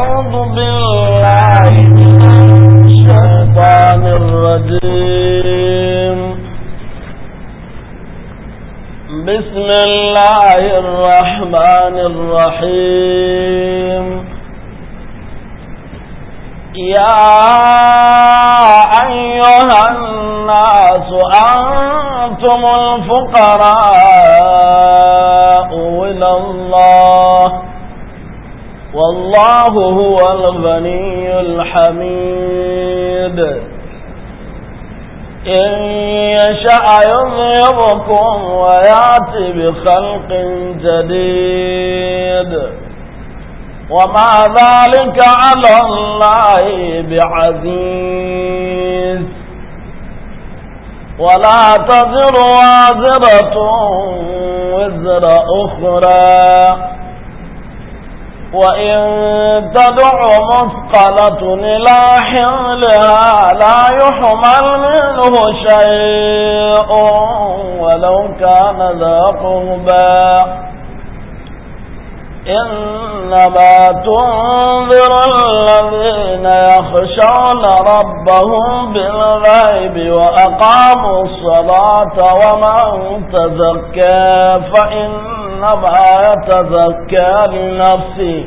أعوذ بالله من الشيطان الرجيم بسم الله الرحمن الرحيم يا أيها الناس أنتم الفقراء إلى الله والله هو الغني الحميد إن يشاء يظهركم ويأتي بخلق جديد وما ذلك على الله بعزيز ولا تزر وازرة وزر أخرى وإن تدع مثقلة إلى حملها لا يحمل منه شيء ولو كان ذا قربا إنما تنذر الذين يخشون ربهم بالغيب وأقاموا الصلاة ومن تزكى فإنما يتزكى لنفسه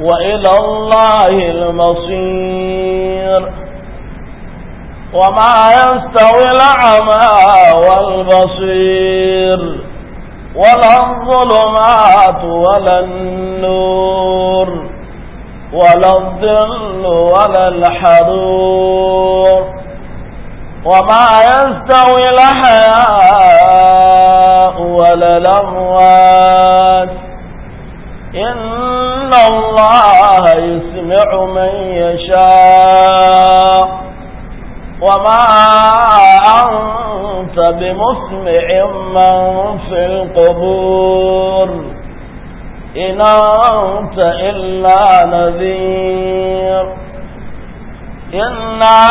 وإلى الله المصير وما يستوي العمى والبصير ولا الظلمات ولا النور ولا الظل ولا الحرور وما يستوي الحياء ولا الأموات إن الله يسمع من يشاء وما أنت بمسمع من في القبور إن أنت إلا نذير إنا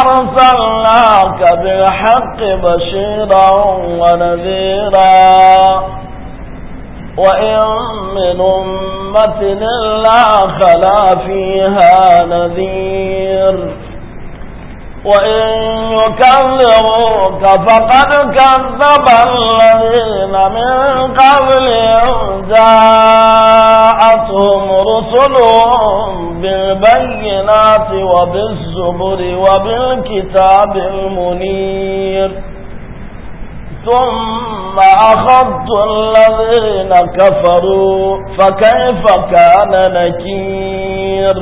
أرسلناك بالحق بشيرا ونذيرا وإن من أمة إلا خلا فيها نذير وإن يكذبوك فقد كذب الذين من قبلهم جاءتهم رسلهم بالبينات وبالزبر وبالكتاب المنير ثم أخذت الذين كفروا فكيف كان نكير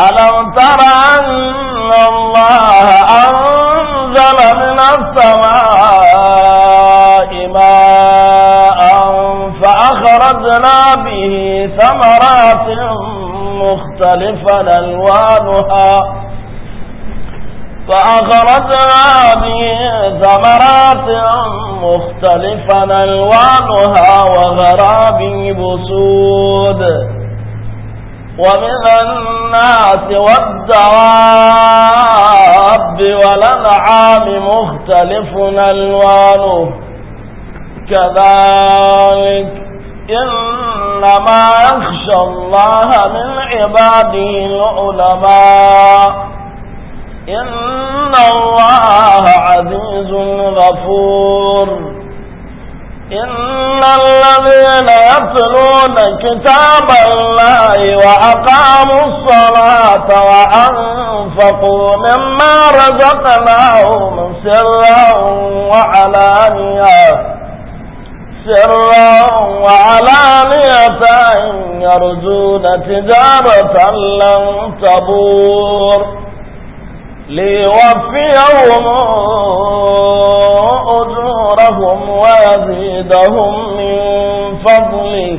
ألم تر أن الله أنزل من السماء ماء فأخرجنا به ثمرات مختلفة ألوانها فأخرجنا به ثمرات مختلفة ألوانها وغراب بسود ومن الناس والدواب والأنعام مختلف ألوانه كذلك إنما يخشى الله من عباده العلماء إن الله عزيز غفور إن الذين يتلون كتاب الله وأقاموا الصلاة وأنفقوا مما رزقناهم سرا وعلانية سرا وعلانية يرجون تجارة لن تبور ليوفيهم أجورهم ويزيدهم من فضله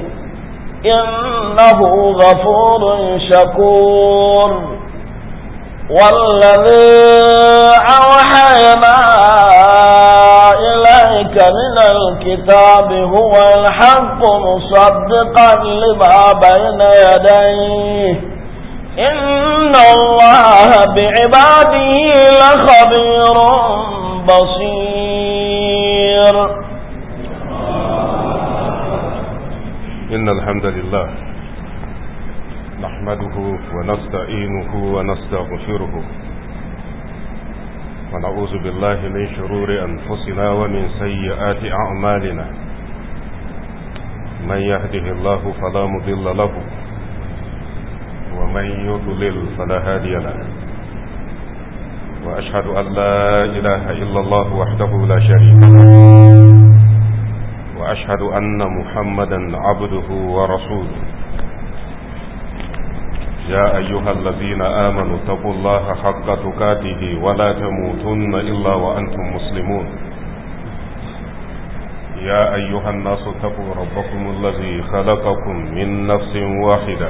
إنه غفور شكور والذي أوحينا إليك من الكتاب هو الحق مصدقا لما بين يديه إن الله بعباده لخبير بصير إن الحمد لله نحمده ونستعينه ونستغفره ونعوذ بالله من شرور أنفسنا ومن سيئات أعمالنا من يهده الله فلا مضل له ومن يضلل فلا هادي له وأشهد أن لا إله إلا الله وحده لا شريك له وأشهد أن محمدا عبده ورسوله يا أيها الذين آمنوا اتقوا الله حق تكاته ولا تموتن إلا وأنتم مسلمون يا أيها الناس اتقوا ربكم الذي خلقكم من نفس واحدة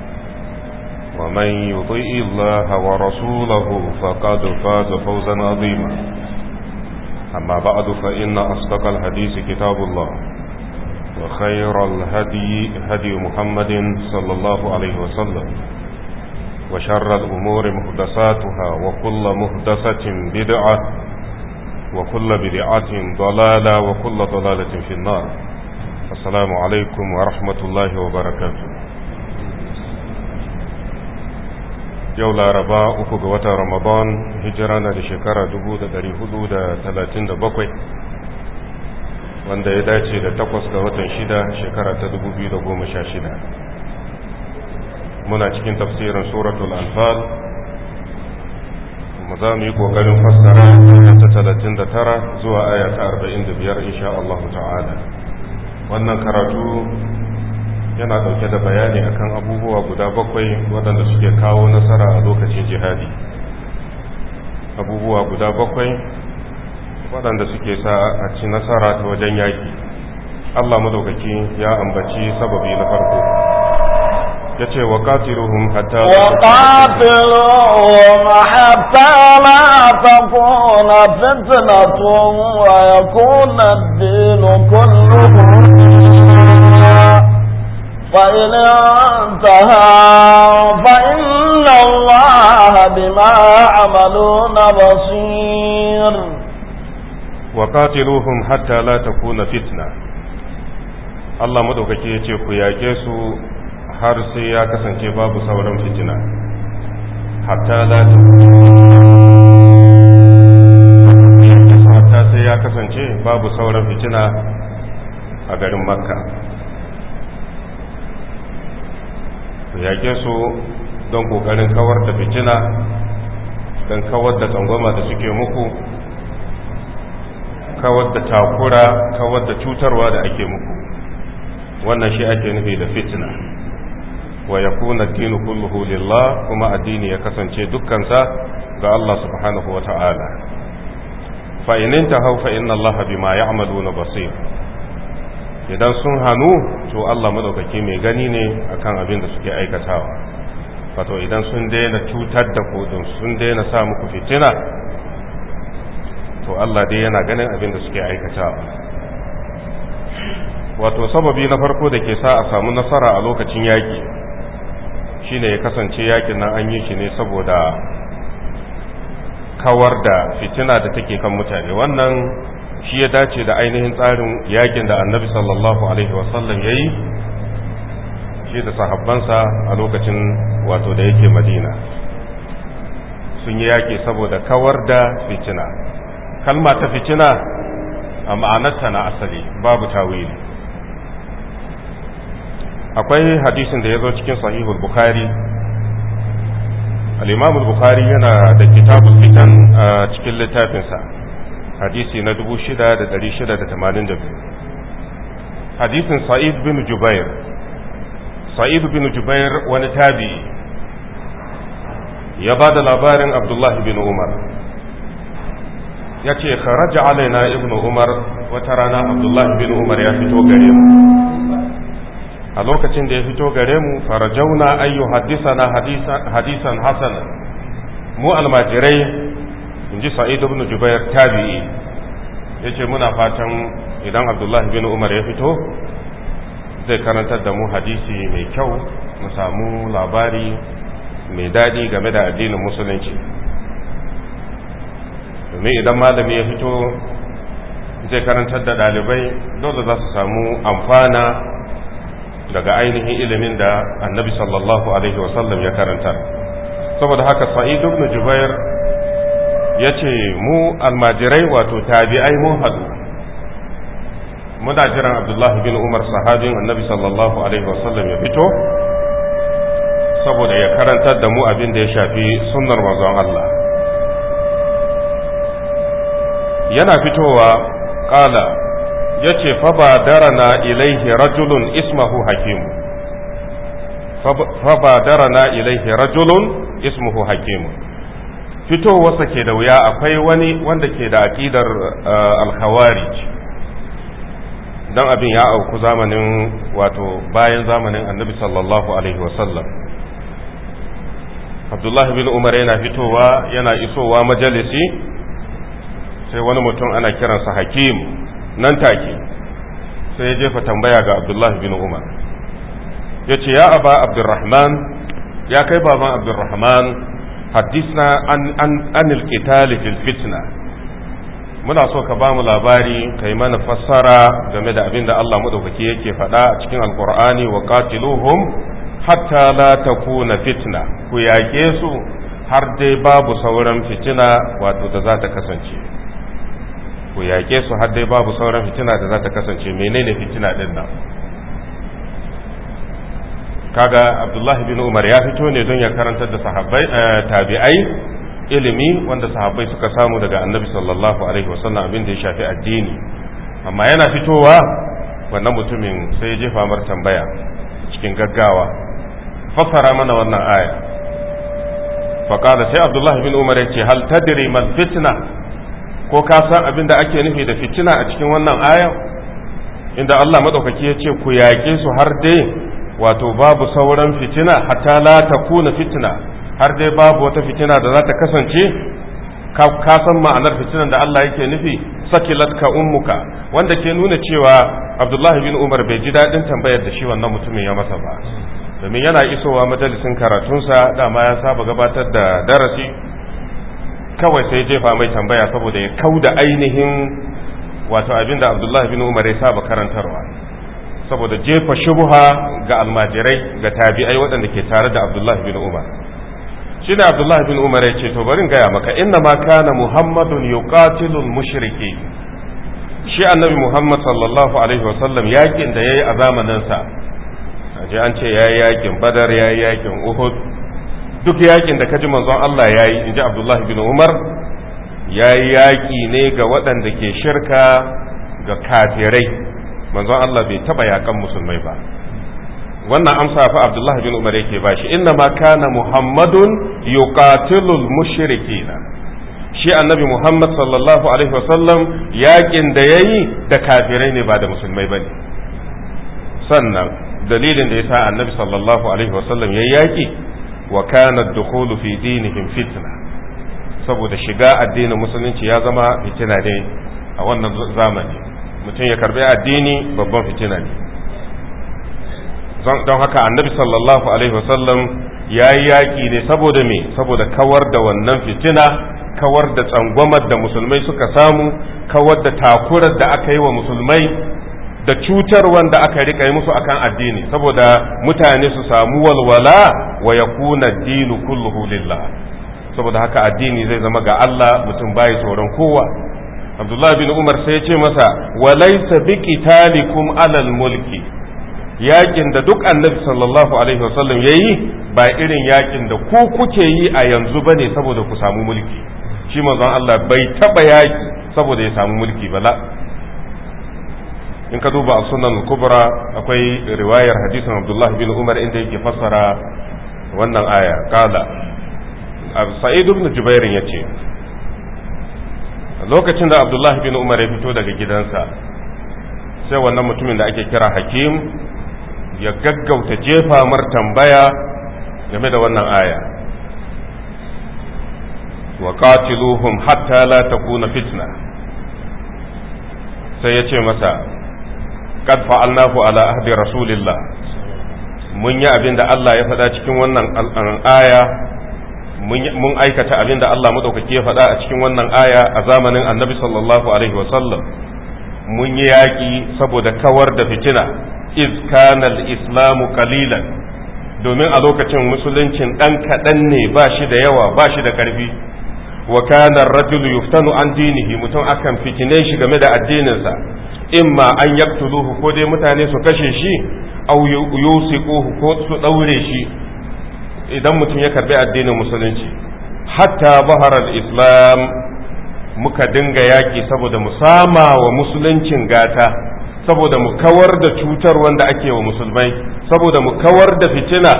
ومن يطيء الله ورسوله فقد فاز فوزا عظيما أما بعد فإن أصدق الحديث كتاب الله وخير الهدي هدي محمد صلى الله عليه وسلم وشر الأمور مهدساتها وكل مهدسة بدعة وكل بدعة ضلالة وكل ضلالة في النار السلام عليكم ورحمة الله وبركاته yau laraba uku ga watan ramadan hijira na da shekara 437 wanda ya dace da takwas ga watan shida shekara ta 2016 muna cikin tafsirin suratul anfal kuma za mu yi kokarin fassara ta tara zuwa aya ta 45 insha Allah ta'ala wannan karatu yana dauke da bayani akan abubuwa guda bakwai waɗanda suke kawo nasara a lokacin jihadi abubuwa guda bakwai waɗanda suke sa a ci nasara ta wajen yaƙi Allah madaukaki ya ambaci sababi na farko ya ce wa katiruhum hatta wa katiruhum hatta la takuna fitnatun wa yakuna ad dinu kulluhu فإن انتهى فإن الله بما عملون بصير وقاتلوهم حتى لا تكون فتنة الله maɗaukaki ya ce ku yaƙe har sai ya kasance babu sauran fitina hatta la hatta sai ya kasance babu sauran fitina a garin makka su yake su don ƙoƙarin kawar da fitina don kawar da tsangwama da suke muku kawar da takura kawar da cutarwa da ake muku wannan shi ake nufi da fitina wa ya kuna dinu kulluhu lillah kuma addini ya kasance dukkansa ga Allah subhanahu wa ta'ala fa inanta ta hau fa inna Allah bima ya'maluna basir idan sun hannu to Allah madaukaki mai gani ne akan abin da suke aikatawa wato idan sun daina cutar da kudin sun daina sa muku fitina to Allah dai yana ganin abin da suke aikatawa wato sababi na farko da ke sa a samu nasara a lokacin yaƙi shine ya kasance yakin nan an yi shi ne saboda kawar da fitina da take kan mutane wannan shi ya dace da ainihin tsarin yakin da annabi sallallahu alaihi wasallam ya yi shi da sahabbansa a lokacin wato da yake madina sun yi yaƙi saboda kawar da fitina kalma ta fitina a ma'anarta na asali babu tawili akwai hadisin da ya zo cikin sahihul bukhari al-imam bukhari yana da kitabul fitan cikin littafinsa hadisi na 6682 hadisin sa'id bin jubair sa'id bin jubair wani tabi'i ya ba da labarin abdullahi bin umar ya ce kharaja alaina ibn umar wata rana abdullahi bin umar ya fito gare mu a lokacin da ya fito gare mu farajauna ayyu na hadisan hasan mu almajirai in ji sa'id ibn jubair tabi'i ce muna fatan idan abdullahi bin umar ya fito zai karantar da mu hadisi mai kyau mu samu labari mai daɗi game da addinin musulunci domin idan malami ya fito zai karantar da ɗalibai dole za su samu amfana daga ainihin ilimin da annabi sallallahu alaihi wasallam ya karantar saboda haka sa'id ibn jubair ya ce mu almajirai wato tabi'ai mun haɗu muna jiran abdullahi bin umar sahabin annabi sallallahu alaihi wasallam ya fito saboda ya karantar da mu abin da ya shafi sunnar manzon Allah yana fitowa ƙala ya ce na ilaihi rajulun ismahu hakimu na ilaihi rajulun ismuhu hakimu fitowarsa ke da wuya akwai wani wanda ke da aƙidar eh, alkawari don abin ya auku zamanin wato bayan zamanin annabi sallallahu alaihi wasallam Abdullahi bin umar yana fitowa yana isowa majalisi sai wani mutum ana kiransa hakim nan take sai ya jefa tambaya ga abdullah bin umar ya ce ya aba abdurrahman ya kai baban abdurrahman hadisna an alƙitali fil fitna muna so ka ba mu labari kai mana fassara game da abinda Allah madaukaki yake faɗa a cikin alƙur'ani wa qatiluhum hatta la takuna fitna ku yaƙe su har dai babu sauran fitina wato da za ta kasance ku yaƙe su har dai babu sauran fitina da za ta kasance menene fitina din nan kaga abdullahi bin umar ya fito ne don ya karantar da sahabbai eh, tabi'ai ilimi wanda sahabbai suka samu daga annabi sallallahu alaihi wasallam abin da ya shafi addini amma yana fitowa wannan mutumin sai ya jefa mar tambaya cikin gaggawa fassara mana wannan aya faqala sai abdullahi bin umar ya ce hal tadri mal fitna ko ka san abin da ake nufi da fitina a cikin wannan aya inda Allah madaukaki ya ce ku yaƙe su har dai wato babu sauran fitina hatta la ta kuna fitina har dai babu wata fitina da za ta kasance ka san ma'anar fitinan da Allah yake nufi sakilat ka ummuka wanda ke nuna cewa Abdullahi bin Umar bai ji daɗin tambayar da shi wannan mutumin ya masa ba domin yana isowa majalisin karatunsa dama ya saba gabatar da darasi kawai sai jefa mai tambaya saboda ya kauda ainihin wato abin da Abdullahi bin Umar ya saba karantarwa saboda jefa shubha ga almajirai ga tabi'ai waɗanda ke tare da abdullahi bin umar shi ne abdullahi bin umar ya ce to barin gaya maka inna ma kana muhammadun yuqatilul mushriki shi annabi muhammad sallallahu alaihi sallam, yakin da yayi a zamaninsa aje an ce yayi yakin badar yayi yakin uhud duk yakin da kaji manzon Allah yayi inji abdullahi bin umar yayi yaki ne ga waɗanda ke shirka ga kafirai manzon Allah bai taba yakan musulmai ba wannan amsa fa Abdullah bin Umar yake shi inna ma kana Muhammadun yuqatilul na. shi annabi Muhammad sallallahu alaihi wasallam yakin da yayi da kafirai ne ba da musulmai bane sannan dalilin da yasa annabi sallallahu alaihi wasallam yayi yaki wa kana ad-dukhulu fi dinihim fitna saboda shiga addinin musulunci ya zama fitina ne a wannan zamani mutum ya karbi addini babban fitina ne don haka annabi sallallahu alaihi wasallam ya yi yaƙi ne saboda me saboda kawar da wannan fitina kawar da tsangwamar da musulmai suka samu kawar da takurar da aka yi wa musulmai da cutar wanda aka rika yi musu akan addini saboda mutane su samu walwala wa yakuna dinu kulluhu lillah saboda haka addini zai zama ga Allah mutum bai tsoron kowa abdullahi bin umar sai ya ce masa walaisa bi talikum alal mulki yakin da duk annabi sallallahu alaihi wasallam yayi ba irin yakin da ku kuke yi a yanzu bane saboda ku samu mulki shi manzon Allah bai taba yaki saboda ya samu mulki bala in ka duba sunan kubra akwai riwayar hadisin abdullahi bin umar inda yake fassara wannan aya kala sa'id ibn jubair yace lokacin da abdullahi bin umar ya fito daga gidansa sai wannan mutumin da ake kira hakim ya gaggauta jefa mar tambaya game da wannan aya wa qatiluhum hatta la takuna fitna sai ya ce masa qad fa'alnahu ala ahdi rasulillah mun yi abin da Allah ya faɗa cikin wannan aya mun aikata abin da Allah maɗaukaki ya faɗa a cikin wannan aya a zamanin annabi sallallahu alaihi wasallam mun yi yaƙi saboda kawar da fitina iz kana islamu qalilan domin a lokacin musuluncin ɗan kaɗan ne ba shi da yawa ba shi da ƙarfi wa kana rajulu yuftanu an dinihi mutum akan fitine shi game da addininsa imma an yaktuluhu ko dai mutane su kashe shi au yusiquhu ko su daure shi idan mutum ya karbi addinin musulunci hatta al islam muka dinga yaki saboda mu sama wa musuluncin gata saboda mu kawar da cutar wanda ake wa musulmai saboda mu kawar da fitina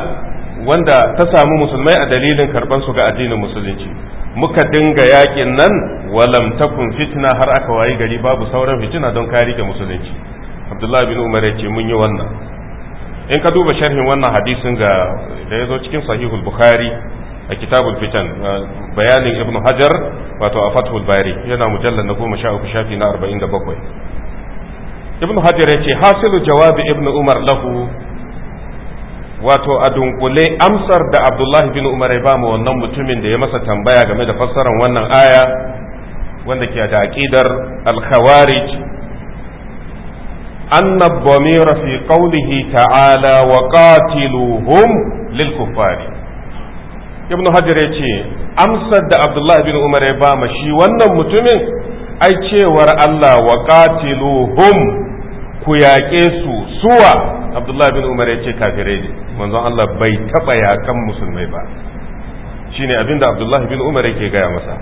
wanda ta samu musulmai a dalilin karban ga addinin musulunci muka dinga yakin nan walam takun fitina har aka wayi gari babu sauran fitina don kari ga musulunci abdullahi bin umar ya ce mun yi wannan in ka duba sharhin wannan hadisin ga da ya zo cikin sahihul bukhari a kitabul fitan bayanin ibnu hajar wato a fathul bari yana mujallar na goma sha uku shafi na arba'in da bakwai ibnu hajar ya ce hasilu jawabi ibnu umar lahu wato a dunkule amsar da abdullahi bin umar ya ba mu wannan mutumin da ya masa tambaya game da fassarar wannan aya wanda ke da aqidar al-khawarij anna dhamira fi qawlihi ta'ala wa qatiluhum lil kuffari ibnu hajar yace amsar da abdullah bin umar ya bama shi wannan mutumin ai cewar Allah wa qatiluhum ku yaƙe su suwa abdullah bin umar ya ce kafirai ne manzon Allah bai taɓa yaƙan musulmai ba shine abinda abdullah bin umar yake gaya masa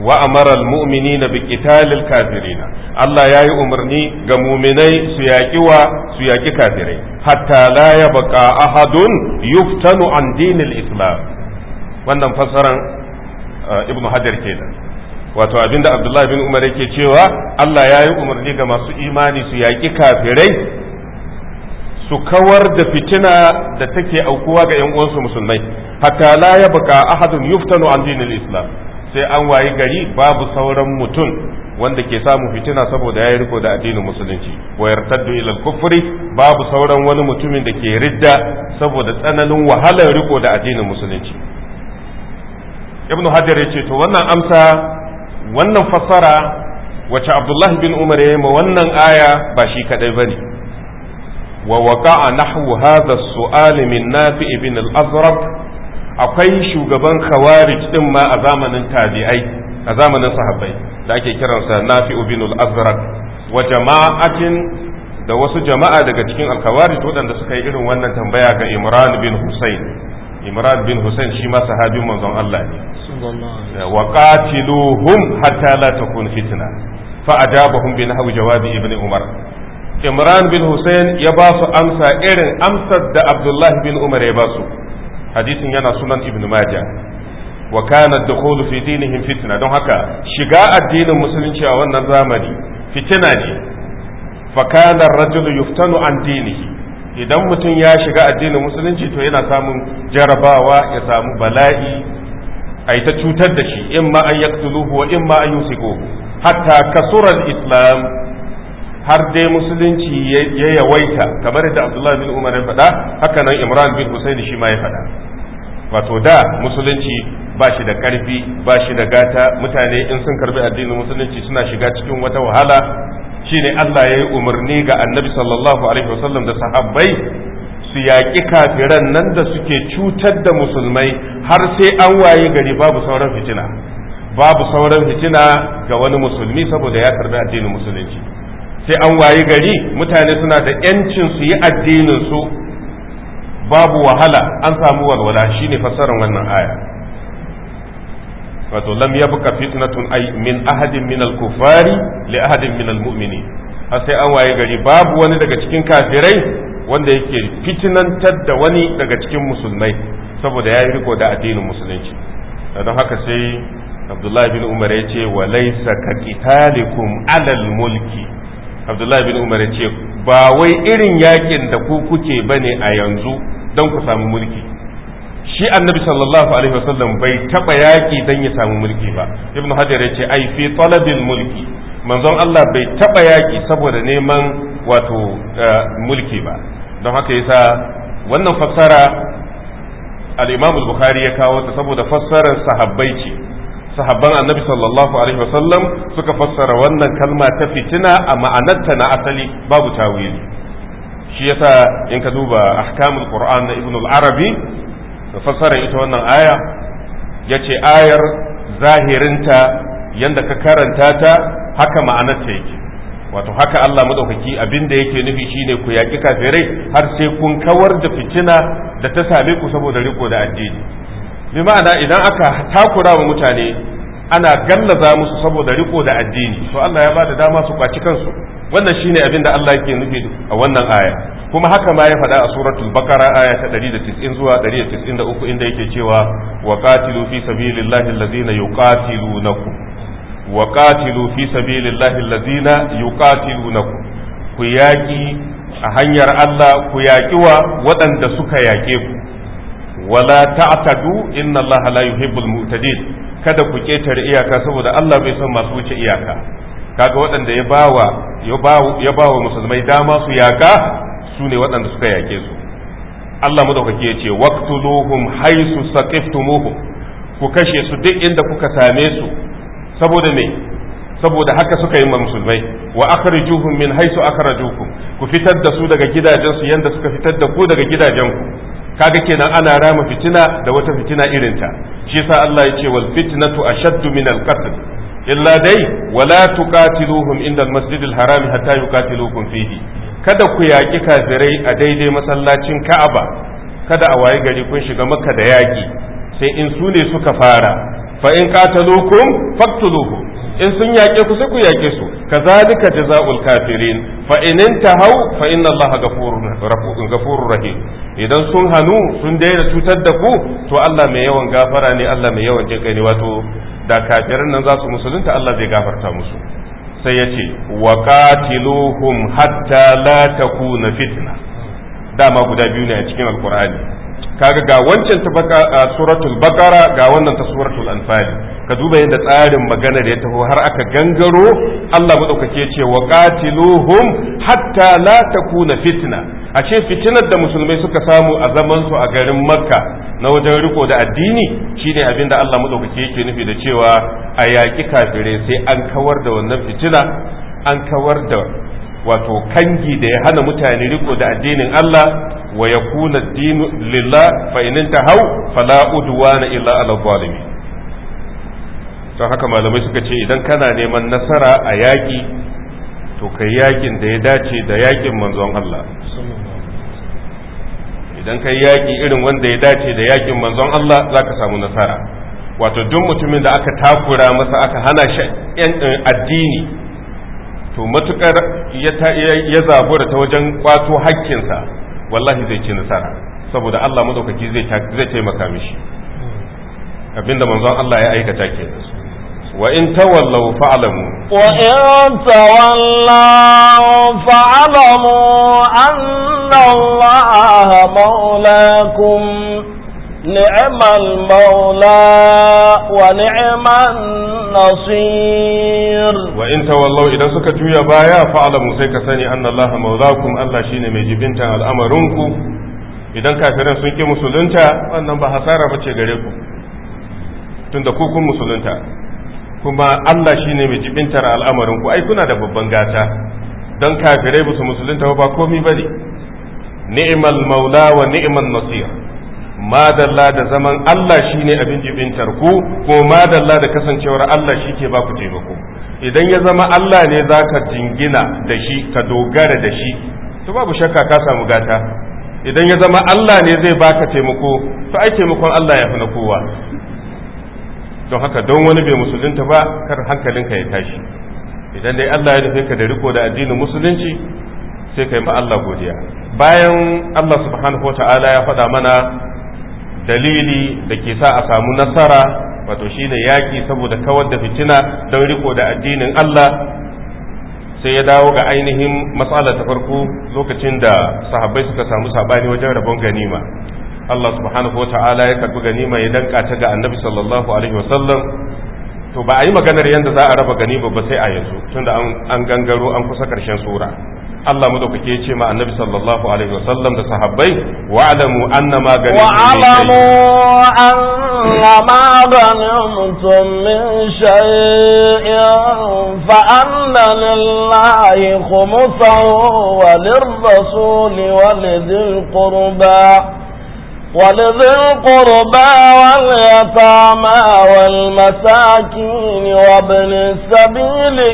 wa amara almu'minina bi qitalil kafirina Allah yayi umarni ga mu'minai su yaki wa su yaki kafirai hatta la yabqa ahadun yuftanu an dinil islam wannan fassaran uh, ibn hajar kenan wato abinda Abdullah bin Umar yake cewa Allah yayi umarni ga masu imani su yaki kafirai su kawar da fitina da take aukuwa ga 'yan uwansu musulmai hatta la yabqa ahadun yuftanu an dinil islam sai an wayi gari babu sauran mutum wanda ke samu fitina saboda ya yi riko da addinin musulunci wayar taddu ila kufri babu sauran wani mutumin da ke ridda saboda tsananin wahalar riko da addinin musulunci ibn hajar ce to wannan amsa wannan fassara wace abdullahi bin umar ya ma wannan aya ba shi kadai bane wa waqa'a nahwu hadha as-su'al min nafi' ibn al-azraq akwai shugaban khawarij din ma a zamanin tabi'ai a zamanin sahabbai da ake kiransa nafi'u bin al-azraq wa jama'atin da wasu jama'a daga cikin al-khawarij waɗanda suka yi irin wannan tambaya ga imran bin husayn imran bin husayn shi ma sahabin manzon Allah ne wa qatiluhum hatta la takun fitna fa ajabahum bi nahwi jawabi ibn umar imran bin husayn ya ba su amsa irin amsar da Abdullahi bin umar ya ba su hadisin yana sunan ibn majah wa kana dukhulu fi dinihim fitna don haka shiga addinin musulunci a wannan zamani fitina ne fa kana ar rajul yuftanu an dinihi idan mutum ya shiga addinin musulunci to yana samun jarabawa ya samu bala'i Aita ta cutar da shi in ma an yaktuluhu wa in ma an yusiku hatta kasura al-islam har dai musulunci ya yawaita kamar yadda abdullahi bin umar ya faɗa haka nan imran bin husaini shi ma ya faɗa wato da musulunci ba shi da ƙarfi ba shi da gata mutane in sun karbi addinin musulunci suna shiga cikin wata wahala shine Allah ya yi umarni ga annabi sallallahu alaihi wasallam da sahabbai su yaƙi kafiran nan da suke cutar da musulmai har sai an waye gari babu sauran fitina babu sauran fitina ga wani musulmi saboda ya karbi addinin musulunci sai an wayi gari mutane suna da yancin su yi addinin su babu wahala an samu walwala shine fassarar wannan aya wato lam yabqa fitnatun ay min ahadin min al-kuffari li ahadin min al-mu'minin sai an waye gari babu wani daga cikin kafirai wanda yake fitinantar da wani daga cikin musulmai saboda ya yi riko da addinin musulunci don haka sai abdullahi bin umar ya ce wa laisa ka qitalikum alal mulki abdullahi bin umar ya ce ba wai irin yakin da ku kuke bane a yanzu don ku samu mulki shi annabi sallallahu alaihi wasallam bai taba yaki don ya samu mulki ba ibnu hajar ya ce ai fi talabil mulki manzon Allah bai taba yaki saboda neman wato eh, mulki ba don haka yasa wannan fassara al-imam al-bukhari ya kawo ta saboda fassarar sahabbai ce sahabban annabi sallallahu alaihi wasallam suka fassara wannan kalma ta fitina a ma'anarta na asali babu tawili shi yasa in ka duba ahkamul qur'an na ibn al-arabi da fassara ita wannan aya yace ayar zahirinta yanda ka karanta ta haka ma'anarta yake wato haka Allah madaukaki abin da yake nufi shine ku yaƙi kafirai har sai kun kawar da fitina da ta same ku saboda riko da addini bi ma'ana idan aka takura wa mutane ana gallaza musu saboda riko da addini to Allah ya bada dama su kwaci kansu wannan shine abin da Allah yake nufi a wannan aya kuma haka ma ya faɗa a suratul bakara aya ta 190 zuwa 193 inda yake cewa wa qatilu fi sabilillahi allazina yuqatilunakum wa qatilu fi sabilillahi allazina yuqatilunakum ku yaki a hanyar Allah ku yaki wa waɗanda suka yake ku wala ta'tadu inna Allah la yuhibbul mu'tadin kada ku ketare iyaka saboda Allah bai son masu wuce iyaka kaga waɗanda ya bawa ya bawa musulmai dama su yaka su ne waɗanda suka yake su Allah madaukaki ya ce waqtuluhum haythu saqiftumuhum ku kashe su duk inda kuka same su saboda me saboda haka suka yi ma musulmai wa akhrijuhum min haythu akhrajukum ku fitar da su daga gidajensu yanda suka fitar da ku daga gidajenku kaga kenan ana rama fitina da wata fitina irinta shi yasa Allah ya ce wal fitnatu ashaddu min al qatl illa dai wala tuqatiluhum inda al masjid al haram hatta yuqatilukum fihi kada ku yaki kafirai a daidai masallacin Ka'aba kada a waye gari kun shiga Makka da yaki sai in su ne suka fara fa in qataluukum faqtuluhum in sun yaƙe ku sai ku yaƙe su kazalika jazaul kafirin fa in intahu fa inna allaha ghafurun ghafurur rahim idan sun hanu sun daina cutar da ku to Allah mai yawan gafara ne Allah mai yawan jinkai ne wato da kafirin nan za su musulunta Allah zai gafarta musu sai ya ce wa qatiluhum hatta la takuna fitna dama guda biyu ne a cikin alqur'ani kaga ga wancan ta suratul baqara ga wannan ta suratul anfali ka duba yadda tsarin maganar ya taho har aka gangaro Allah madaukake ce wa qatiluhum hatta la takuna fitna A ce fitinar da musulmai suka samu a zaman su a garin makka na wajen riko da addini shine abinda Allah madaukake yake nufi da cewa a yaƙi kafirai sai an kawar da wannan fitina an kawar da wato kangi da ya hana mutane riko da addinin Allah wa yakuna dinu lillah fa in tahaw fala udwana illa ala zalimin don haka malamai suka ce idan kana neman nasara a yaƙi to kai yaƙin da ya dace da yaƙin manzon Allah idan kai yaƙi irin wanda ya dace da yaƙin manzon Allah za ka samu nasara wato duk mutumin da aka takura masa aka hana shi eh, addini to matukar ya zabura ta wajen kwato hakkinsa wallahi zai ci nasara saboda Allah madaukaki zai taimaka mishi abinda manzon Allah ya aikata ke kenan وإن تولوا فاعلموا وإن تولوا فاعلموا أن الله مولاكم نعم المولى ونعم النصير وإن تولوا إذا سكتوا يا بايا فاعلموا سيكسني أن الله مولاكم الله شين ميجبنت الأمرنكم idan kafiran sun ki musulunta wannan ba hasara bace gare ku tunda ku kun musulunta kuma Allah shi ne mai jibintar al'amarin ku ai kuna da babban gata don kafirai ba su musulunta ba komi bane ni'imal maula wa Ni'imal nasir madalla da zaman Allah shi ne abin jibintar ku ko madalla da kasancewar Allah shi ke ba ku taimako idan ya zama Allah ne za ka jingina da shi ka dogara da shi to babu shakka ka samu gata idan ya zama Allah ne zai baka taimako to ai taimakon Allah ya fi na kowa don haka don wani bai musulunta ba kar hankalinka ya tashi idan dai Allah ya nufe ka da riko da addinin musulunci sai ka yi ma Allah godiya bayan Allah subhanahu wata'ala ya faɗa mana dalili da ke sa a samu nasara wato shine yaƙi saboda kawar da fitina don riko da addinin Allah sai ya dawo ga ainihin matsala ta farko lokacin da sahabbai suka samu sabani wajen rabon ganima Allah subhanahu wata'ala ya karbi ganima ya danka ta ga annabi sallallahu alaihi wasallam to ba a yi maganar yadda za a raba ganima ba sai a yanzu tunda an gangaro an kusa karshen sura Allah madaukake ya ce ma annabi sallallahu alaihi wasallam da sahabbai wa alamu annama ganimtum wa alamu annama ganimtum min shay'in fa anna lillahi khumsahu wa lirrasuli wa lidhil qurba ya wolidikụrụbanwaneya tamawemasakiwobsabili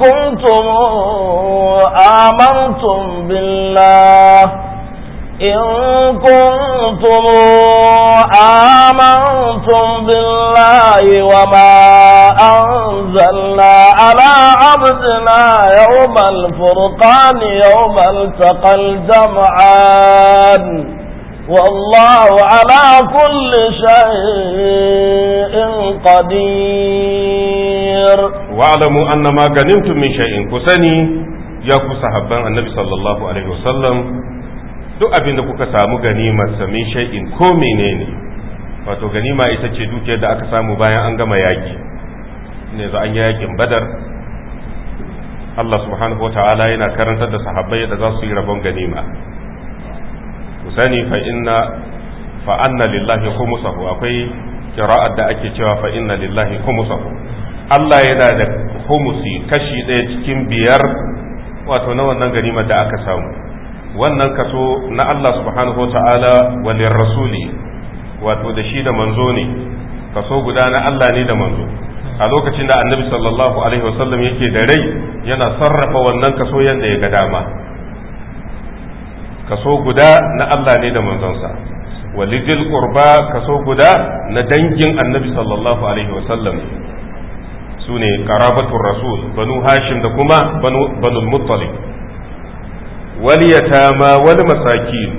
kụmtụmamatụm dịiụkụtụmahamatụm dịlayiwamaahụzalaala fulukani fụrụ kaniaụbata kazamad والله على كل شيء قدير واعلموا أن ما غنمتم من شيء كسني يا صحابان النبي صلى الله عليه وسلم duk abin da kuka samu ganimarsa min shay'in ko menene wato ganima ita ce dukiyar da aka samu bayan an gama yaki ne za an yi yakin badar Allah subhanahu wa ta'ala yana karantar da sahabbai da za su yi rabon ganima sani fa inna fa anna lillahi khumsahu akwai kira'ar da ake cewa fa inna lillahi khumsahu Allah yana da khumsi kashi ɗaya cikin biyar wato na wannan ganimar da aka samu wannan kaso na Allah subhanahu wa ta'ala wa lirrasuli wato da shi da manzo ne kaso guda na Allah ne da manzo a lokacin da annabi sallallahu alaihi wasallam yake da rai yana sarrafa wannan kaso yadda ya ga dama kaso guda na Allah ne da manzonsa walidil qurba kaso guda na dangin annabi sallallahu alaihi wasallam su ne rasul banu hashim da kuma banu muttalib wal yatama wal masakin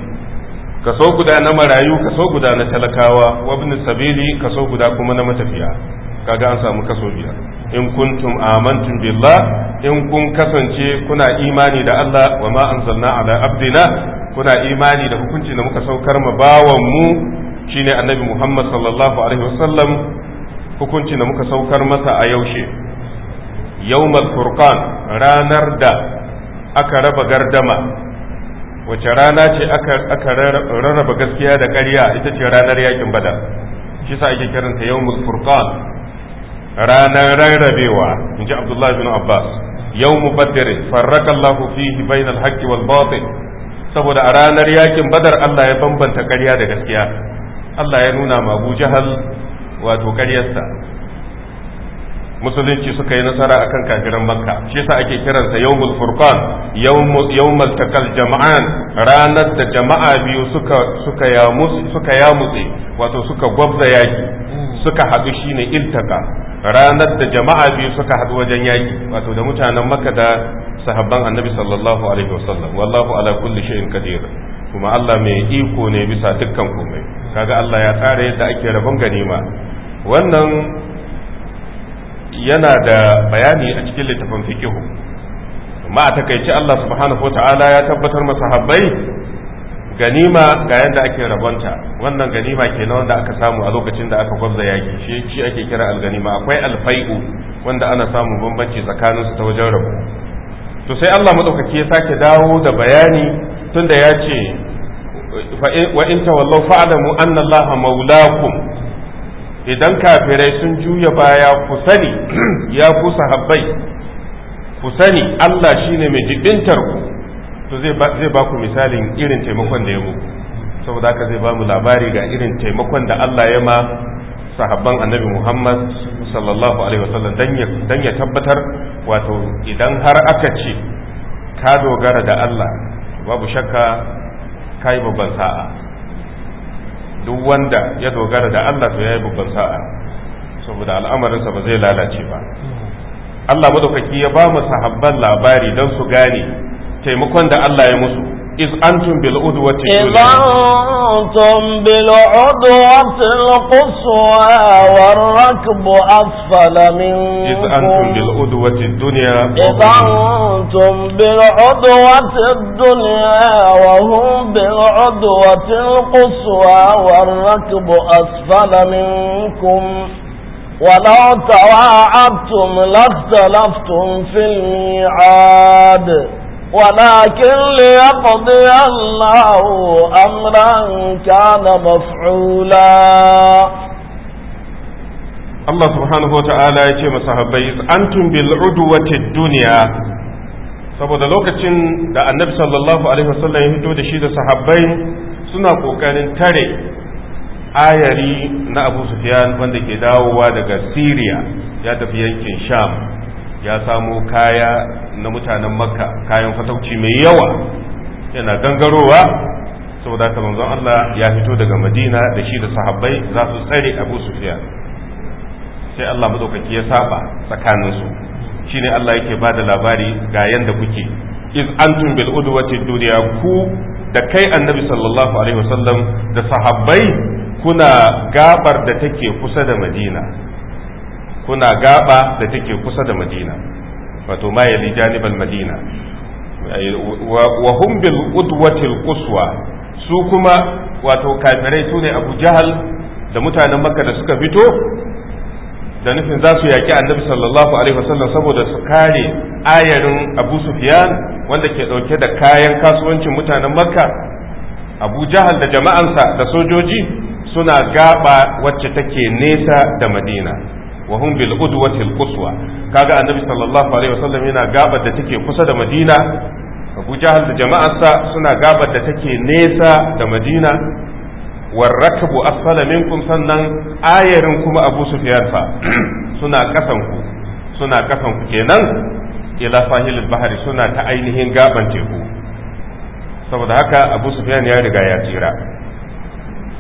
kaso guda na marayu kaso guda na talakawa wa ibn sabili kaso guda kuma na matafiya kaga an samu kaso biyar in kuntum amantum billah in kun kasance kuna imani da Allah wa ma anzalna ala abdina kuna imani da hukunci da muka saukar ma bawan mu shine annabi Muhammad sallallahu alaihi wasallam hukunci da muka saukar masa a yaushe yawmal furqan ranar da aka raba gardama wace rana ce aka rarraba gaskiya da ƙarya ita ce ranar yakin badar shi sa ake kiranta yawmul furqan ranar rarrabewa in ji abdullahi bin abbas yau mu badare farraka allahu fihi bainal haqqi wal batil saboda a ranar yakin badar allah ya bambanta ƙarya da gaskiya allah ya nuna ma jahal wato ƙaryarsa musulunci suka yi nasara akan kafiran makka shi yasa ake kiransa yawmul furqan yawmul takal jama'an ranar da jama'a biyu suka suka yamus suka yamutse wato suka gwabza yaki suka haɗu shine iltaka ranar da jama'a biyu suka haɗu wajen yaki wato da mutanen maka da sahabban annabi sallallahu alaihi wasallam wallahu ala kulli shay'in qadir kuma Allah mai iko ne bisa dukkan komai kaga Allah ya tsara yadda ake rabon ganima wannan yana da bayani a cikin littafin fiqh amma a takaice Allah subhanahu ta'ala ya tabbatar sahabbai ganima ga yadda ake rabonta wannan ganima ke na wanda aka samu a lokacin da aka gwabza yaki shi shi ake kira alganima akwai alfai'u wanda ana samun bambanci tsakaninsu ta wajen rabu. to sai Allah madaukaki ya sake dawo da bayani tunda ya ce wa in tawallaw fa'lamu anna Allah maulakum idan kafirai sun juya baya ku sani ya ku sahabbai ku sani Allah shine mai jibintar ku to zai ba ku misalin irin taimakon da ya muku saboda haka zai ba mu labari ga irin taimakon da Allah ya ma sahabban annabi Muhammad sallallahu alaihi wasallam dan ya tabbatar wato idan har aka ce ka dogara da Allah babu shakka kai babban sa'a duk wanda ya dogara da Allah to yayi babban sa'a saboda al'amarin sa ba zai lalace ba Allah madaukaki ya ba mu sahabban labari don su gane taimakon da Allah ya musu إذ أنتم بالعدوة إذ أنتم بالعدوة القصوى والركب أسفل منكم إذ أنتم بالعدوة الدنيا إذ أنتم بالعدوة الدنيا وهم بالعدوة القصوى والركب أسفل منكم ولو تواعدتم لاختلفتم في الميعاد ولكن ليقضي الله أمرا كان مفعولا Allah subhanahu wa ta'ala ya ce masahabbai antum bil udwati dunya saboda lokacin da annabi sallallahu alaihi wasallam ya fito da shi da sahabbai suna kokarin tare ayari na Abu Sufyan wanda ke dawowa daga Siriya, ya tafi yankin Sham ya samo kaya na mutanen makka kayan fatauci mai yawa yana gangarowa saboda haka manzon Allah ya fito daga madina da shi da sahabbai za su tsare abu sufiya sai Allah madaukaki ya saba tsakaninsu shine Allah yake ba da labari ga yanda kuke iz antum bil udwati dunya ku da kai annabi sallallahu alaihi wasallam da sahabbai kuna gabar da take kusa da madina kuna gaba da take kusa da madina wato ma yali janibal madina wa hum bil udwatil quswa su kuma wato kafirai su ne abu jahal da mutanen makka da suka fito da nufin za su yaki annabi sallallahu alaihi wasallam saboda su kare ayarin abu sufyan wanda ke dauke da kayan kasuwancin mutanen makka abu jahal da jama'ansa da sojoji suna gaba wacce take nesa da madina wa hum bil udwati al quswa kaga annabi sallallahu alaihi wasallam yana gabar da take kusa da madina abu jahal da jama'arsa suna gaba da take nesa da madina warrakabu asfala minkum sannan ayarin kuma abu sufyan fa suna kasan ku suna kasan ku kenan ila sahil bahari suna ta ainihin gaban teku saboda haka abu sufyan ya riga ya tsira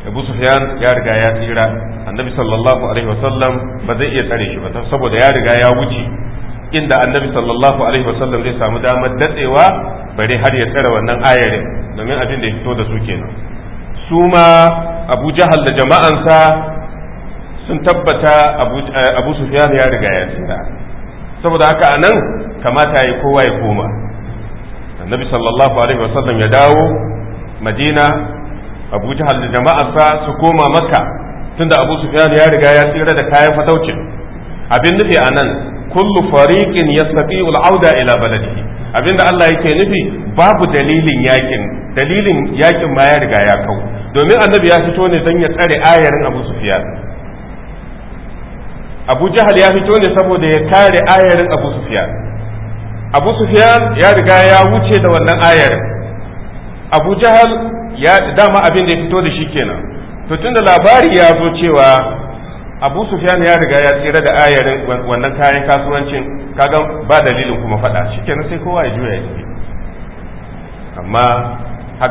abu sufyan ya riga ya tsira annabi sallallahu alaihi wasallam ba zai iya tsare shi ba saboda ya riga ya wuce inda annabi sallallahu alaihi wasallam zai samu damar datsewa bare har ya tsare wannan ayarin domin abin da ya fito da su kenan su ma abu jahal da jama'ansa sun tabbata abu eh, sufyan ya riga ya tsira saboda haka anan kamata ya kowa ya koma annabi sallallahu alaihi wasallam ya dawo madina abu jahal da jama'arsa su koma makka tunda abu sufyan ya riga ya tsira da kayan fatauci abin nufi a nan kullu fariqin yastati'u al-auda ila baladihi abinda Allah yake nufi babu dalilin yakin dalilin yakin ma ya riga ya kau domin annabi ya fito ne don ya tsare ayarin abu sufyan abu jahal ya fito ne saboda ya kare ayarin abu sufyan abu sufyan ya riga ya wuce da wannan ayarin abu jahal ya dama abin da ya fito da shi kenan to tunda labari ya zo cewa abu sufyan ya riga ya tsira da ayarin wannan kayan kasuwancin kaga ba dalilin kuma faɗa shi sai kowa ya juya ya amma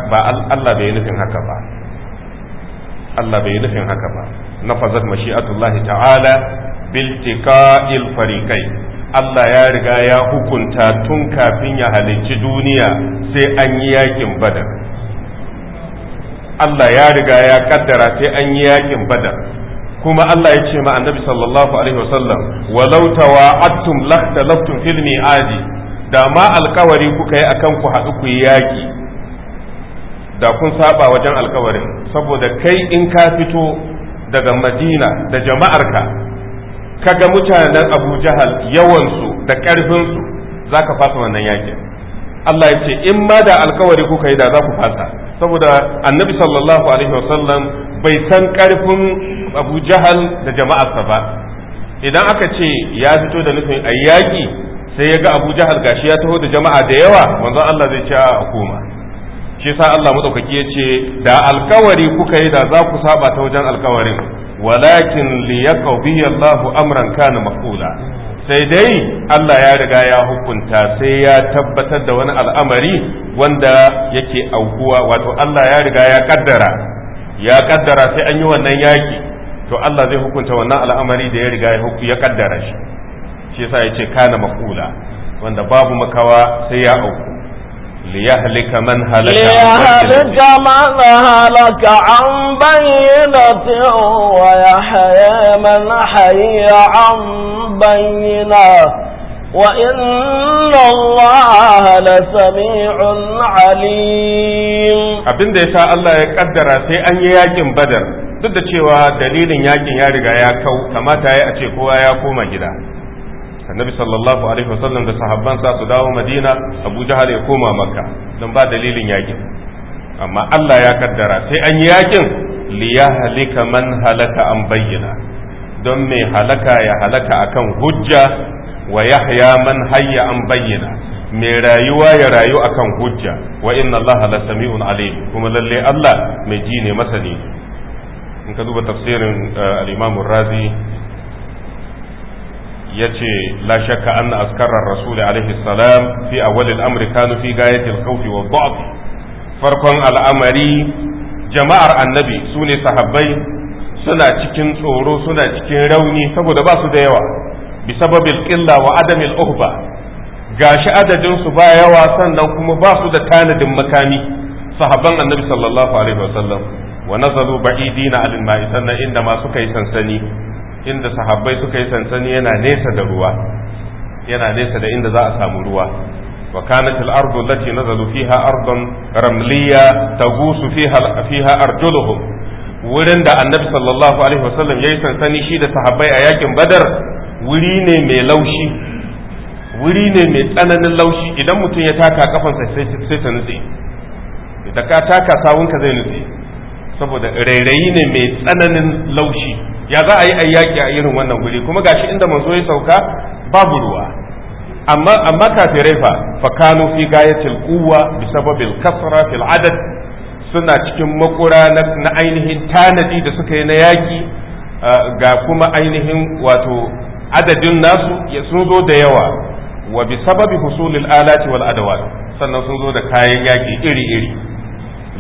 ba Allah bai nufin haka ba Allah bai nufin haka ba na nafazat mashi'atullahi ta'ala biltiqa'il fariqai Allah ya riga ya hukunta tun kafin ya halicci duniya sai an yi yakin badar Allah ya riga ya kaddara sai an yi yakin badar kuma Allah ya ce ma annabi sallallahu alaihi wasallam walau tawa'attum lahtalaftum fil mi'adi da ma alkawari kuka yi akan ku haɗu ku yi yaki da kun saba wajen alkawarin saboda kai in ka fito daga Madina da jama'arka kaga mutanen Abu Jahal yawansu da ƙarfinsu zaka fasa wannan yakin Allah ya ce in ma da alkawari kuka yi da za ku fasa saboda annabi sallallahu alaihi wasallam bai san karfin abu jahal da jama'arsa ba idan aka ce ya fito da nufin a yaƙi sai ya ga abu jahal gashi ya taho da jama'a da yawa manzon Allah zai ce a koma shi sa Allah madaukaki ya ce da alkawari kuka yi da za ku saba ta wajen alkawarin walakin liyaqdi Allahu amran kana maf'ula sai dai Allah ya riga ya hukunta sai ya tabbatar da wani al'amari wanda yake aukuwa wato Allah ya riga ya kaddara ya kaddara sai an yi wannan yaki to Allah zai hukunta wannan al'amari da ya riga ya kaddara shi shi yasa ya ce kana makula wanda babu makawa sai ya auku ليهلك من هلك ليهلك من هلك عن بينة ويحيى من حي عن بينة وإن الله لسميع عليم abin da yasa Allah ya ƙaddara sai an yi yakin badar duk da cewa dalilin yaƙin ya riga ya kau kamata ya a ce kowa ya koma gida annabi sallallahu alaihi wasallam da sa su dawo madina abu jahal ya koma makka don ba dalilin yakin amma allah ya kaddara sai an yi yakin liyahlika man halaka an bayyana don mai halaka ya halaka akan hujja wa yahya man hayya an bayyana mai rayuwa ya rayu akan hujja wa inna Allah la sami'un alim kuma lalle allah mai ji ne masani in ka duba tafsirin eh, al-imam razi yace la shakka anna askarar rasul alaihi salam fi awwal al-amr kanu fi gayati wa dha'f farkon al'amari jama'ar annabi sune sahabai suna cikin tsoro suna cikin rauni saboda ba su da yawa bisabab al-qilla wa adamil al-uhba gashi adadin su ba yawa sannan kuma ba su da tanadin makami sahabban annabi sallallahu alaihi wasallam wa nazalu ba'idina al-ma'i sannan inda ma suka yi sansani inda sahabbai suka yi sansani yana nesa da ruwa yana nesa da inda za a samu ruwa wa kanat al-ardu allati nazalu fiha ardun ramliya tagusu fiha fiha arjuluhum wurin da annabi sallallahu alaihi wasallam yayi sansani shi da sahabbai a yakin badar wuri ne mai laushi wuri ne mai tsananin laushi idan mutum ya taka kafansa sai ta nutse da ka taka sawunka zai nutse saboda rairayi ne mai tsananin laushi ya za a yi a yaƙi a irin wannan guri kuma gashi inda manzo ya sauka babu ruwa amma amma kafirai fa fa kanu fi gayatil quwwa bi sababil kasra fil adad suna cikin makura na ainihin tanadi da suka yi na yaki ga kuma ainihin wato adadin nasu ya sun zo da yawa wa bi sababi husulil alati wal adawat sannan sun zo da kayan yaki iri iri